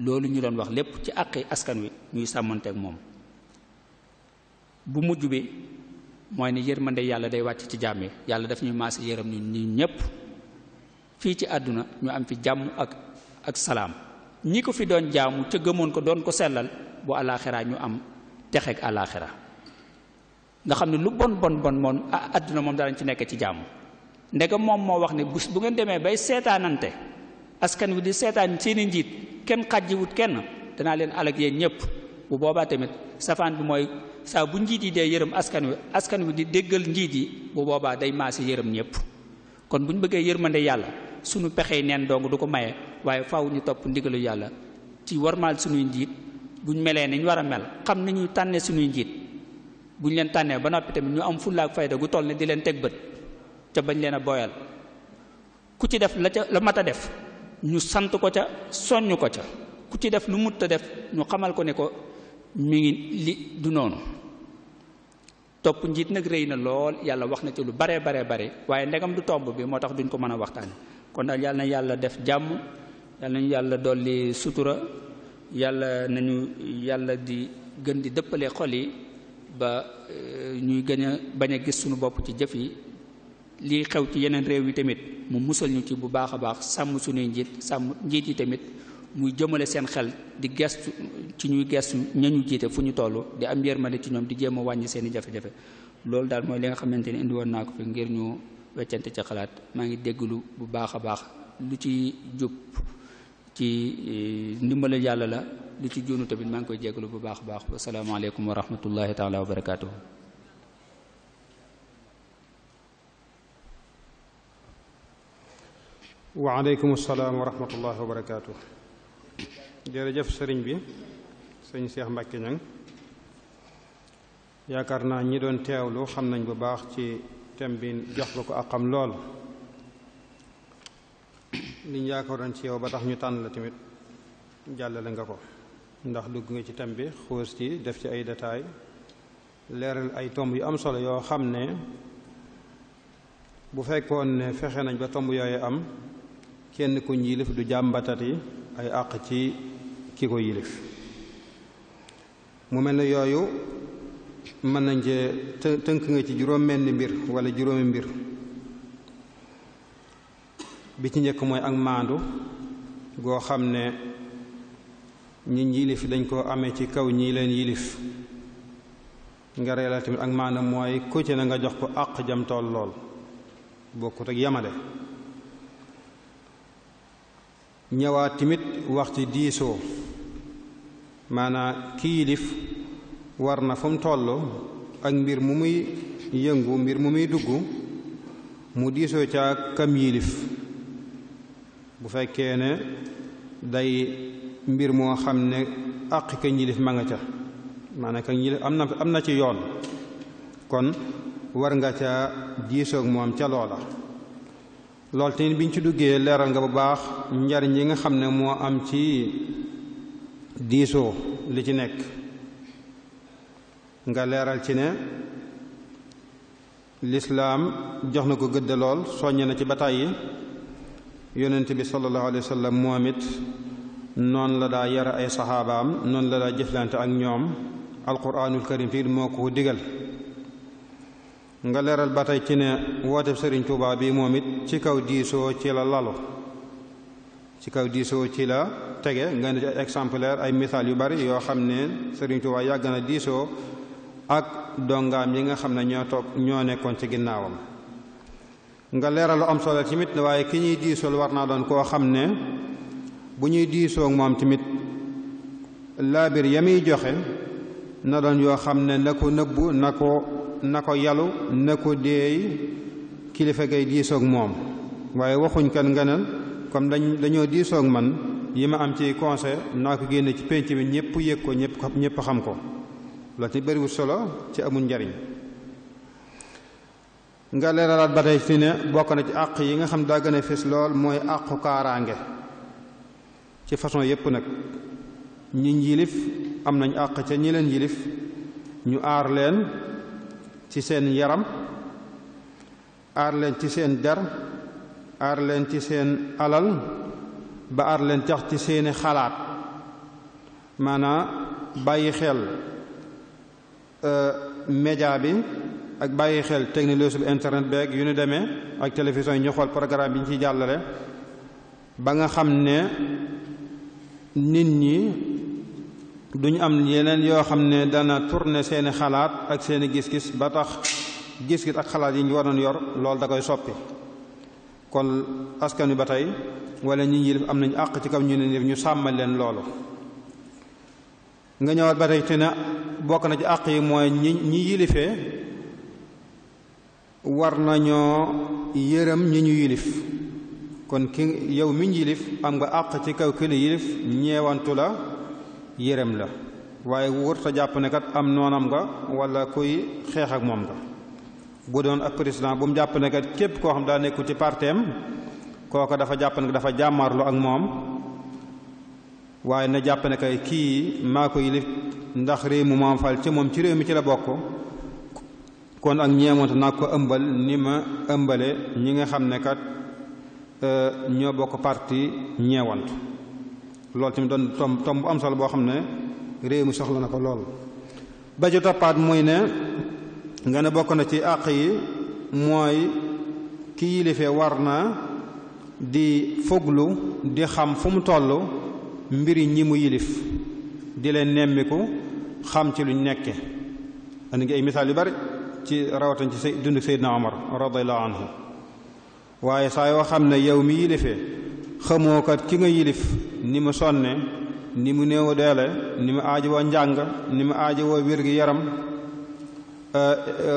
loolu ñu doon wax lépp ci àqi askan wi ñuy sàmmanteeg moom bu mujj bi mooy ni yërmande yàlla day wàcc ci jàmm yàlla daf ñu maase yërëm ñu ñi ñépp fii ci àdduna ñu am fi jàmm ak ak salaam ñi ko fi doon jaamu ca gëmoon ko doon ko sellal bu alaaxira ñu am texeeg alaaxira nga xam ne lu bon bon bon moom ah àdduna moom danañ ci nekk ci jàmm ndegam moom moo wax ne bu bu ngeen demee bay seetaanante askan wi di seetaan seeni njiit kenn xàjjiwut kenn danaa leen alag yéen ñëpp bu boobaa tamit safaan bi mooy saa bu njiit yi dee yërëm askan wi askan wi di déggal njiit yi bu boobaa day maase yërëm ñëpp kon bu ñu bëggee yërmande yàlla sunu pexey neen dong du ko maye waaye faw ñu topp ndigalu yàlla ci warmaal sunuy njiit buñ melee ni ñu war a sunuy njiit bu ñu leen tànnee ba noppi tamit ñu am fullaak fayda gu toll ne di leen teg bët ca bañ leen a boyal ku ci def la ca la mat a def ñu sant ko ca soññ ko ca ku ci def lu mut a def ñu xamal ko ne ko mu ngi li du noonu topp njiit nag rëy na lool yàlla wax na ci lu baree baree bare waaye ndegam du tomb bi moo tax duñ ko mën a waxtaan kon daal yàlla def jàmm yàlla nañu yàlla dolli sutura yàlla nañu yàlla di gën di dëppale xol yi ba eh, ñuy gën a bañ a gis suñu bopp ci jëf yi lii xew ci yeneen réew yi tamit mu musal ñu ci bu baax a baax sàmm suñuy njiit sàmm njiit yi tamit muy jëmale seen xel di gestu ci ñuy gestu ñu jiite fu ñu toll di am yërmande ci ñoom di jéem wàññi seen i jafe-jafe loolu daal mooy li nga xamante ne indi woon naa ko fi ngir ñu weccante ci xalaat maa ngi dégglu bu baax a baax lu ci jub ci eh, ndimbalu yàlla la li ci joonu tamit maa ngi koy jéglu bu baax baax assalamu alaykum wa rahmatullahi taala wa
wa alaykum assalam wa rahmatullahi wa jere jërëjëf serigne bi serigne cheikh mbacke ñang yaakaar ñi doon tewlu xam nañ bu baax ci tem bi jox lako akam lool liñ ci yow ba tax ñu tan la timit jallale nga ko ndax dugg nga ci tam bi xuus ci def ci ay détails leeral ay tomb yu am solo yoo xam ne bu fekkoon ne fexe nañ ba tomb yooyu am kenn ku yilif du jàmbatati ay àq ci ki ko yilif mu mel ne yooyu mën nañ cee tënk nga ci juróom menn mbir wala juróomi mbir bi ci njëkk mooy ak maandu goo xam ne ñi yilif dañ ko amé ci kaw ñi leen yilif nga reelal tamit ak manam moy ko ci na nga jox ko àq jam tol lol bokkut ak yamale ñëwaat tamit wax ci diisoo mana kilif warna fum tollo ak mbir mu muy yëngu mbir mu muy duggu mu ca kam yilif bu fekkee day mbir mo xamne ak ka ñi def ma nga ca manaka ñi amna amna ci yoon kon war nga ca diisoog moom ca lola lol tamit biñ ci duggé leral nga bu baax ñar ñi nga xamne ne am ci diiso li ci nek nga leral ci ne l'islam jox na ko gëdd lol soññe na ci bataay yi yonent bi sallallahu alayhi wasallam sallam نون لا يرى اي صحابام نون لا جفلانت اك نيوم القران الكريم في موكو ديغال غاليرال باتاي تي ووتو سيرن توبا بي موميت سي كاو ديسو سي لا لالو سي كاو ديسو سي لا تيغي غان اكزامبلير اي مثال يو باري يو خامني سيرن توبا ياغنا ديسو اك دونغام ييغا خامني ньо توك ньо نيكون سي غيناوام nga leralu am solo timit waye kiñi diisul warna don ko bu ñuy diisoo moom tamit laabir ya joxe na doon yoo xam ne na ko nëbbu na ko na ko yalu na ko deey kilifa gay diisoog moom waaye waxuñ kan ngenal comme dañ dañoo diisoog man yi ma am ci conseil naa ko génne ci pénc bi ñëpp yëg ko ñëpp ñëpp xam ko loolu ci bëriwul solo ci amul njariñ nga leeralaat ba tey si ne bokk na ci àq yi nga xam daa gën a lool mooy àqu kaaraange ci façon yépp nag ñi yilif am nañ àq ca ñi leen yilif ñu aar leen ci seen yaram aar leen ci seen der aar leen ci seen alal ba aar leen tax ci seen xalaat maanaa bàyyi xel média bi ak bàyyi xel technologie bi internet beeg yu ñu demee ak télévision yi ñu xool programme bi ñu ci jàllale ba nga xam ne nit ñi duñu am yeneen yoo xam ne dana tourner seeni xalaat ak seeni gis-gis ba tax gis-gis ak xalaat yi ñu waroon yor loolu da koy soppi kon askan wi ba tey wala ñi yilif am nañu àq ci kaw ñu ne yilif ñu sàmmal leen loolu nga ñëwaat ba tey te na bokk na ci àq yi mooy ñi ñi yilifee war nañoo yërëm ñi ñu yilif kon ki yow mi yilif am nga àq ci kaw kili yilif ñeewantu la yërëm la waaye wërta jàpp ne kat am noonam nga wala kuy xeex ak moom nga bu doon ak président bu mu jàpp ne kat képp koo xam daa nekku ci parteem kooka dafa jàpp ne dafa jàmmaarlu ak moom waaye na jàpp ne kay kii maa ko yilif ndax réew mu maam fal ci moom ci réew mi ci la bokk kon ak ñeewante naa ko ëmbal ni ma ëmbale ñi nga xam ne kat Euh, ñoo bokk parti ñeewant loolu tamit doon tom tom bu am sol boo xam ne réew mi soxla na ko lool ba ju toppaat muy ne nga ne bokk na ci àq yi mooy ki yilife war na di foglu di xam fu mu mbir yi ñi mu yilif di leen nemmiku xam ci luñ nekke andi ngi ay misaal yu bari ci rawatan ci dundu Seydina Omar radiyallahu anhu waye saa yoo xamne yow mi yilife xamoo kat ki nga yilif ni mu sonne ni mu néew doole ni mu aajowoo njàng ni mu aajowoo wér gi yaram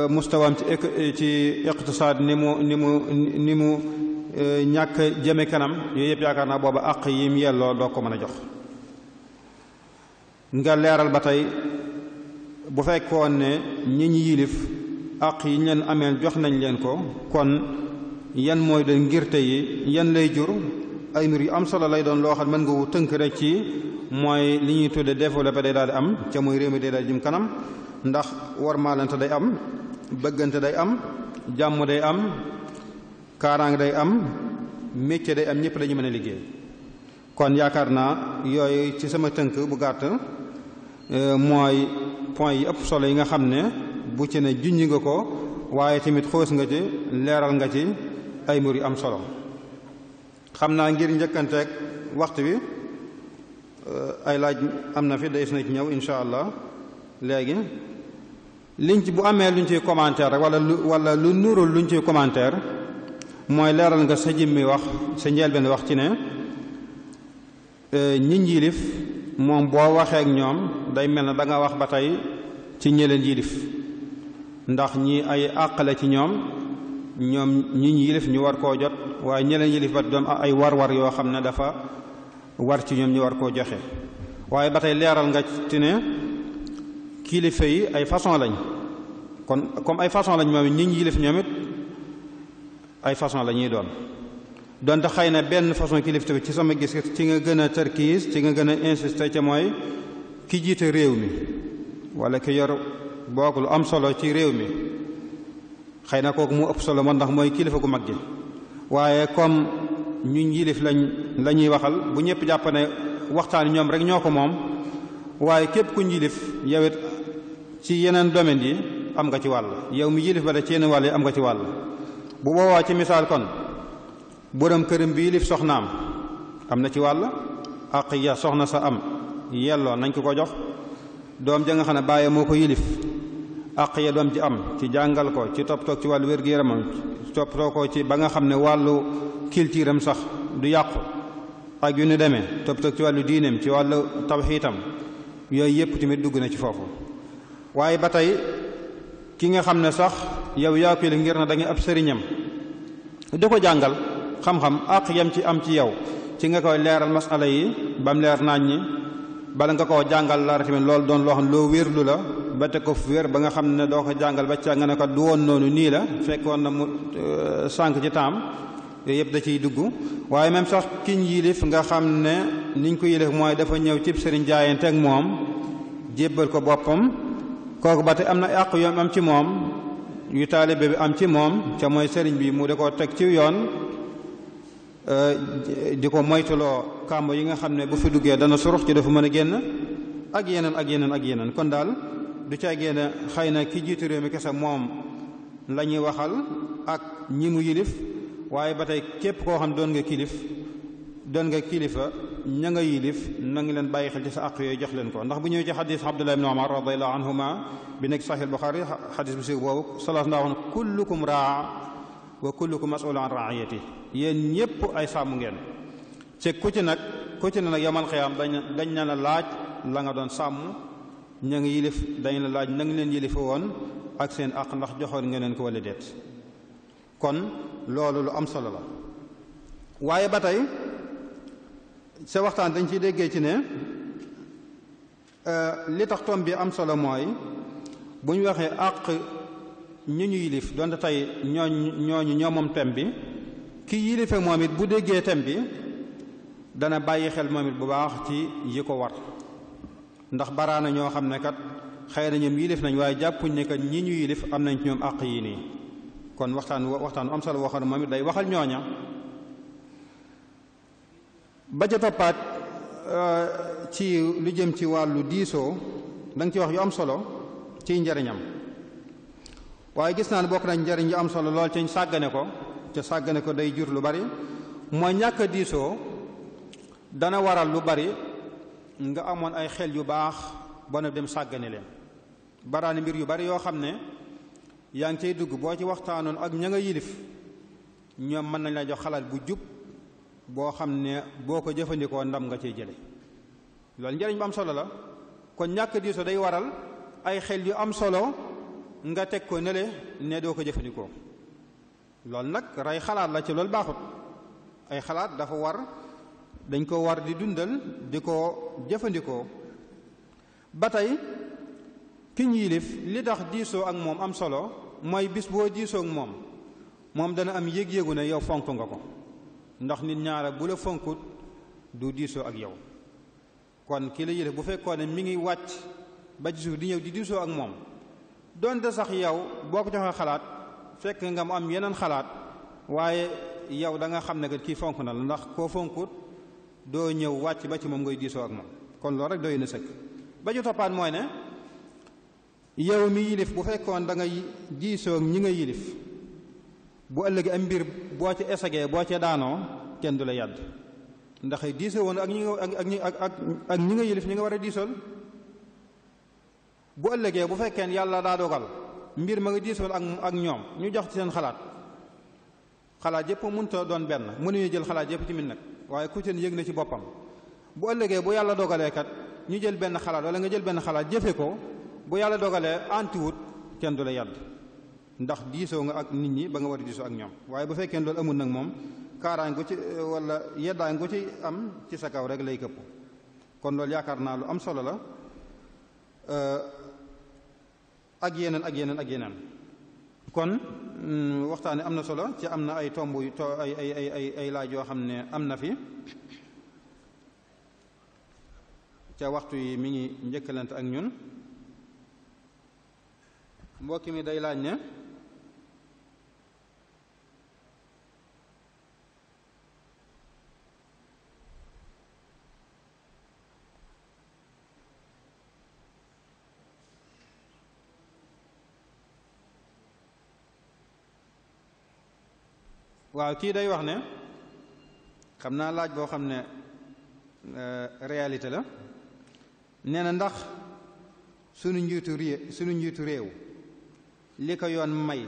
mustawam ci ci iqtisad ni mu ni mu ni mu jëme kanam yooyu yëpp yaakaar naa yim yello do ko meuna jox nga leral batay bu fekkone ñi ñi yilif ak yi ñen amel jox nañ leen ko kon yan mooy doon ngirte yi yan lay jur ay mbir yu am solo lay doon loo xam mën nga wu tënk rek ci mooy li ñuy tudde développé day daal di am ca muy réew mi day daal jëm kanam ndax warmaalante day am bëggante day am jàmm day am kaaraang day am métier day am ñëpp dañu mën a liggéey kon yaakaar naa yooyu ci sama tënk bu gàtt euh, mooy point yi ëpp solo yi nga xam ne bu ci ne junj nga ko waaye tamit xoos nga ci leeral nga ci ay mbir yu am solo xam naa ngir njëkkanteeg waxtu wi euh, ay laaj am na fi des na ci ñëw insha allah léegi liñ ci bu amee luñ ciy commentaire rek wala lu wala lu nu luñ ciy commentaire mooy leeral nga sa jëmmi wax sa njëlbeen wax ci ne euh, ñi njiilif moom boo waxeek ñoom day mel na danga wax ba tey ci ñi leen ndax ñi ay àq ci ñoom ñoom ñi ñu yilif ñu war koo jot waaye ñi leen yilif ba doon ay war-war yoo xam ne dafa war ci ñoom ñu war koo joxe waaye ba tey leeral nga ci ne kilifa yi ay façon lañ kon comme ay façon lañ moom it ñi ñu yilif ñoom ay façon la ñuy doon donte xëy na benn façon kilifte bi ci sama gis ci nga gën a tërkiis ci nga gën a insister ca mooy ki jiite réew mi wala ki yor bokk lu am solo ci réew mi xeyna kok mu upp solo man ndax moy kilifa gu maggi waye comme ñu ñilif lañ la waxal bu ñepp jàpp ne waxtaan ñom rek ñoko mom waye kep ku ñilif yow ci yenen domaine yi am nga ci wal yow mi yilif ba da ci am nga ci wal bu boobaa ci misal kon borom kërëm bi yilif soxnaam am na ci wal aqiya soxna sa am yello nañ ko ko jox dom ja nga xana baye moko yilif àq ya doom ci am ci jàngal ko ci toppatoo ci wàllu wér-gu-yaramam toppatoo ko ci ba nga xam ne wàllu culture am sax du yàqu ak yu nu demee toppatoo ci wàllu diineem ci wàllu tawxiitam yooyu yépp tamit dugg na ci foofu waaye ba tey ki nga xam ne sax yow yaa ko ngir na da nga ab sëriñam di ko jàngal xam-xam àq yam ci am ci yow ci nga koy leeral masala yi bam leer naañ ñi bala nga koo jàngal laara tamit loolu doon loo xam loo la ba teg ko fu wér ba nga xam ne doo ko jàngal ba ca nga ne ko du woon noonu nii la fekkoon na mu euh, sànq ci tam yooyu yëpp da ciy dugg waaye même sax kiñ yilif nga xam ne niñ ko yilif mooy dafa ñëw cib sëriñ jaayante ak moom jébbal ko boppam kooku ba am na àq yoon ci moom yu taalibe bi am ci moom ca mooy sëriñ bi mu da ko teg ci yoon euh, di ko moytuloo kàmb yi nga xam ne bu fi duggee dana surux ci dafa mën a génn ak yeneen ak yeneen ak yeneen kon daal du caagee ne xëy na ki jiitu réew mi kese moom la waxal ak ñi mu yilif waaye ba tey képp koo xam doon nga kilif doon nga kilifa ña nga yilif na ngi leen bàyyi xel ci sa àq yooyu jox leen ko ndax bu ñëwee ci xadis abdullah ibn omar radiallahu anhuma bi nekk sahih buxaari xadis bu siiw boobu salaas ndaa kullukum raa wa kullukum mas'ul an raiyati yéen ñépp ay sàmm ngeen ci ku ci nag ku ci ne yamal xiyaam dañ dañ na la laaj la nga doon sàmm ñangi yilif dañ la laaj nang leen yilife woon ak seen ak ndax joxor nga ko wala déet kon loolu lu am solo la waye batay tey waxtan dañ ci déggé ci ne euh li tax tombi am solo moy buñ waxé ak ñi ñu yilif don tey ñooñ ñoñ ñoo moom tem bi ki yilife moom it bu déggé tem bi dana bàyyi xel momit bu baax ci yiko war ndax barana ño xamne kat xeyna na yi def nañ way jàppuñ ne kat ñi ñuy def am nañ ci ñom àq yi kon waxtaan waxtaan am solo waxal moom day waxal ñoña ba ca toppaat euh, ci lu jëm ci walu diiso dang ci wax yu am solo ci njariñam waaye gis naa bokk nañ yu am solo lol ci sagane ko ci sagane ko day jur lu bari mo ñaka diiso dana waral lu bari nga amone ay xel yu bax ba dem sagane len barani mbir yu bari yo xamne yang cey dug bo ci waxtanon ak ñinga yilif ñom man nañ la jox xalaat bu jup bo xamne boko jefandiko ndam nga cey jële lol njëriñ bu am solo la kon ñak diiso day waral ay xel yu am solo nga tek ko nele ne do ko jefandiko lol nak ray xalaat la ci lol baxut ay xalaat dafa war dañ ko war di dundal di ko jëfandikoo ba tey ki ñu yilif li tax diisoo ak moom am solo mooy bis boo diisoo ak moom moom dana am yëg yéegu na yow fonk nga ko ndax nit ñaar bu la fonkut du diisoo ak yow kon ki la yilif bu fekkoon ne mi ngi wàcc ba ci di ñëw di diisoo ak moom donte sax yow boo ko joxee xalaat fekk nga mu am yeneen xalaat waaye yow da nga xam ne ko kii fonk na la ndax koo fonkut doo ñëw wàcc ba ci moom ngay diisoo ak moom kon loolu rek doy na sëkk ba ju toppaat mooy ne yow mi yilif bu fekkoon da nga diisoo ñi nga yilif bu ëllëgee am mbir boo ci esegee boo ci daanoo kenn du la yàdd ndax diisoo woon ak ñi nga ak ak ak ñi nga yilif ñi nga war a diisool bu ëllëgee bu fekkee yàlla daa dogal mbir ma nga diisoon ak ak ñoom ñu jox ci seen xalaat xalaat yëpp mun a doon benn mënuñu jël xalaat yëpp ci min nag waaye ku ci ne yëg na ci boppam bu ëllëgee bu yàlla dogalee kat ñu jël benn xalaat wala nga jël benn xalaat jëfe ko bu yàlla dogalee antiwut kenn du la yàdd ndax diisoo nga ak nit ñi ba nga war a diisoo ak ñoom waaye bu fekkee loolu amul nag moom kaaraan gu ci wala yeddaan gu ci am ci sa kaw rek lay këpp kon loolu yaakaar naa lu am solo la euh, ak yeneen ak yeneen ak yeneen kon Mm, waxtaan waxtaane am na solo ci am na ay tomb to ay ay ay ay ay laaj yoo xam ne am na fi ca waxtu yi mi ngi njëkkalante ak ñun mbokki mi day laaj ne waaw kii day wax ne xam naa laaj boo xam ne euh, réalité la nee na ndax sunu njiitu réew li ko yoon may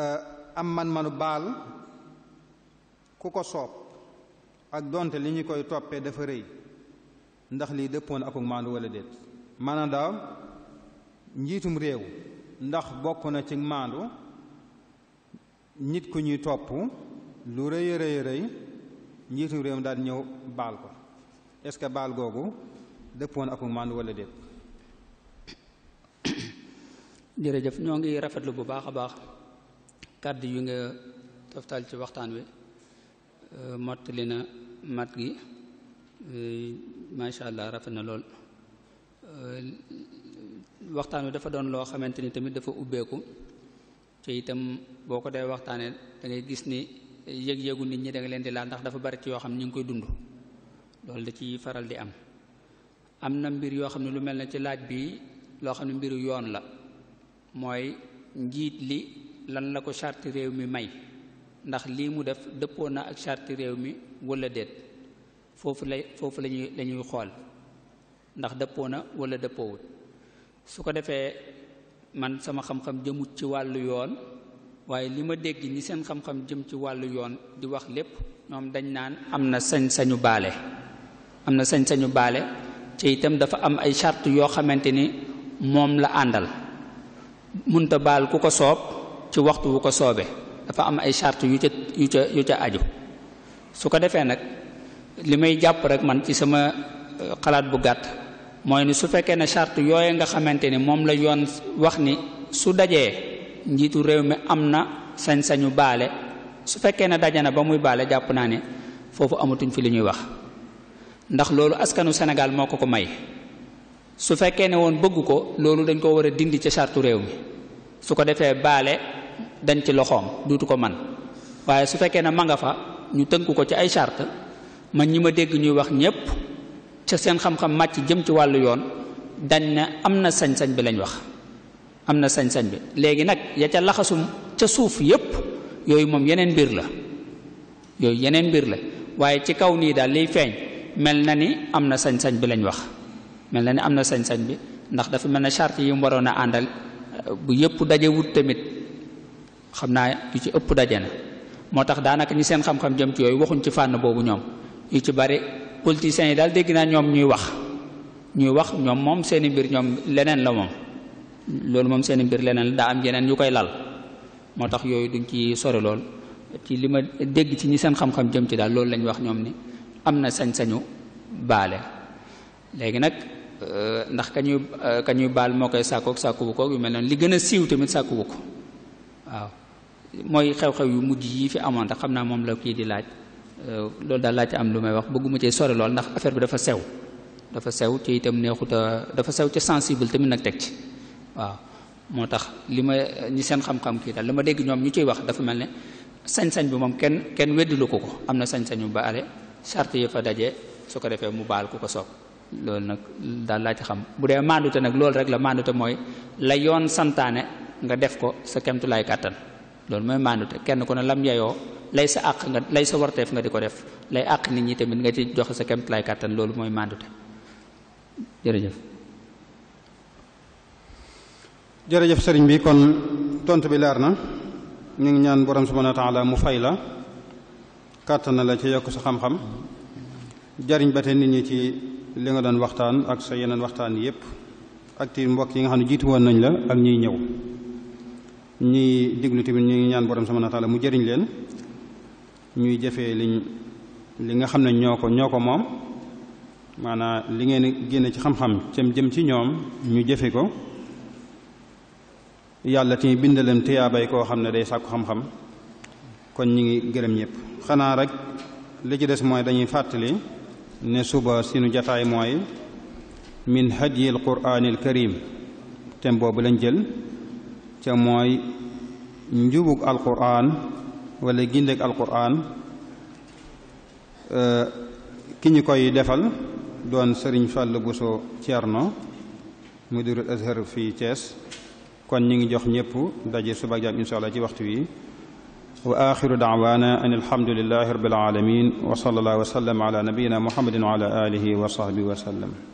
euh, am man-manu baal ku ko soob ak donte li ñu koy toppee dafa rëy ndax lii dëppoon akuk maandu wala déet maanaam daaw njiitum réew ndax bokk na ci maandu nit ku ñuy topp lu rëy rëy rëy njiitu réew mi daal ñëw baal ko est-ce que baal googu dëppoon ak maandu wala déet. jërëjëf ñoo ngi
rafetlu bu baax a baax kàdd yu nga toftal ci waxtaan wi euh, mottali na mat gi euh, macha allah rafet na lool euh, waxtaan wi dafa doon loo xamante ni tamit dafa ubbeeku. te itam boo ko dee waxtaanee dangay gis ni yëg-yëgu nit ñi da nga leen di laal ndax dafa bari ci yoo xam ne ñu ngi koy dund loolu da ci faral di am. am na mbir yoo xam ne lu mel na ci laaj bi loo xam ne mbiru yoon la mooy njiit li lan la ko charte réew mi may ndax lii mu def dëppoo na ak charte réew mi wala déet foofu la foofu lañuy la xool ndax dëppoo na wala dëppoowut su ko defee. man sama xam-xam jëmut ci wàllu yoon waaye li ma dégg ñi seen xam-xam jëm ci wàllu yoon di wax lépp ñoom dañ naan am na sañ-sañu baale am sañ-sañu baale ci itam dafa am ay charte yoo xamante ni moom la àndal munta baal ku ko soob ci waxtu wu ko soobee dafa am ay charte yu ca yu ca yu ca aju su ko defee nag li rek man ci sama euh, xalaat bu gàtt mooy ni su fekkee ne charte yooyu nga xamante ni moom la yoon wax ni su dajee njiitu réew mi am na sañ-sañu baale su fekkee ne daje na ba muy baale jàpp naa ne foofu amatuñ fi li ñuy wax ndax loolu askanu senegal moo ko ko may su fekkee ne woon bëgg ko loolu dañ koo war a dindi ci charte réew mi su ko defee baale dañ ci loxoom duutu ko man waaye su fekkee ne ma nga fa ñu tënk ko ci ay charte ma ñi ma dégg ñuy wax ñépp ca seen xam-xam màcc jëm ci wàllu yoon dañ na am na sañ-sañ bi lañ wax am na sañ-sañ bi léegi nag ya ca laxasum ca suuf yépp yooyu moom yeneen mbir la yooyu yeneen mbir la waaye ci kaw nii daal liy feeñ mel na ni am na sañ-sañ bi lañ wax mel na ni am na sañ bi ndax dafa mel ne charte yi mu waroon a àndal euh, bu yépp daje wut tamit xam naa yu ci ëpp daje na moo tax daanaka ñi seen xam-xam jëm ci yooyu waxuñ ci fànn boobu ñoom yu ci bari politiciens yi daal dégg naa ñoom ñuy wax ñuy wax ñoom moom seeni mbir ñoom leneen la moom loolu moom seeni mbir leneen la daa am yeneen yu koy lal moo tax yooyu duñ ci sore lool ci li ma dégg ci ñi seen xam-xam jëm ci daal loolu lañu wax ñoom ni am na sañ-sañu baale léegi nag euh, ndax ka ñuy euh, ka ñuy baal moo koy sàkkook sàkkuwu ko yu mel noonu li gën a siiw tamit sàkkuwu ko waaw mooy xew-xew yu mujj yii fi amoon ndax xam naa moom la kii di laaj Euh, loolu daal laa ci am lu may wax bëgguma cee sore lool ndax affaire bi dafa sew dafa sew ci itam neexuta dafa sew ci sensible tamit nag teg ci waaw moo tax li ma ñi seen xam-xam kii daal li ma dégg ñoom ñu ciy wax dafa mel ne sañ-sañ bi moom kenn kenn weddilu ko ko am na sañ-sañ bu baale charte yi fa daje su ko defee mu baal ku ko soob loolu nag daal laa ci xam bu dee maandute nag loolu rek la maandute mooy la yoon santaane nga def ko sa kemtulaay kàttan loolu mooy maandute kenn ku ne lam yayoo lay sa àq nga lay sa warteef nga di ko def lay àq nit ñi tamit nga ci joxe sa kemt lay kàttan loolu mooy maandute
jërëjëf sëriñ bi kon tontu bi leer na ñu ngi ñaan borom subhanahu wa taala mu fay la kàttan na la ci yokk sa xam-xam jariñ ba tey nit ñi ci li nga doon waxtaan ak sa yeneen waxtaan yépp ak ci mbokk yi nga xam ne jiitu woon nañ la ak ñuy ñëw ñuy déglu tamit ñu ngi ñaan borom subhanahu wa ta'ala mu jëriñ leen ñuy jëfee liñ li nga xam ne ñoo ko ñoo ko moom maanaa li ngeen génne ci xam-xam cam jëm ci ñoom ñu jëfe ko yàlla ti bindaleen tiyaabay koo xam ne day sàkku xam-xam kon ñu ngi gërëm ñëpp xanaa rek li ci des mooy dañuy fàttali ne suba sinu jataay mooy min hadyi al quraanil karim tem boobu lañ jël ca mooy njubug alquran wala gindeg alquran ki ñu koy defal doon sëriñ Fàll Buso Cerno mudirul Azhar fii Thiès kon ñu ngi jox ñëpp daje suba ak jàmm insha allah ci waxtu wi wa axiru daawaana an alhamdulillahi rabbil alamin wa sallallahu wa sallam ala nabiyina muhammadin wa ala alihi wa sahbihi wa sallam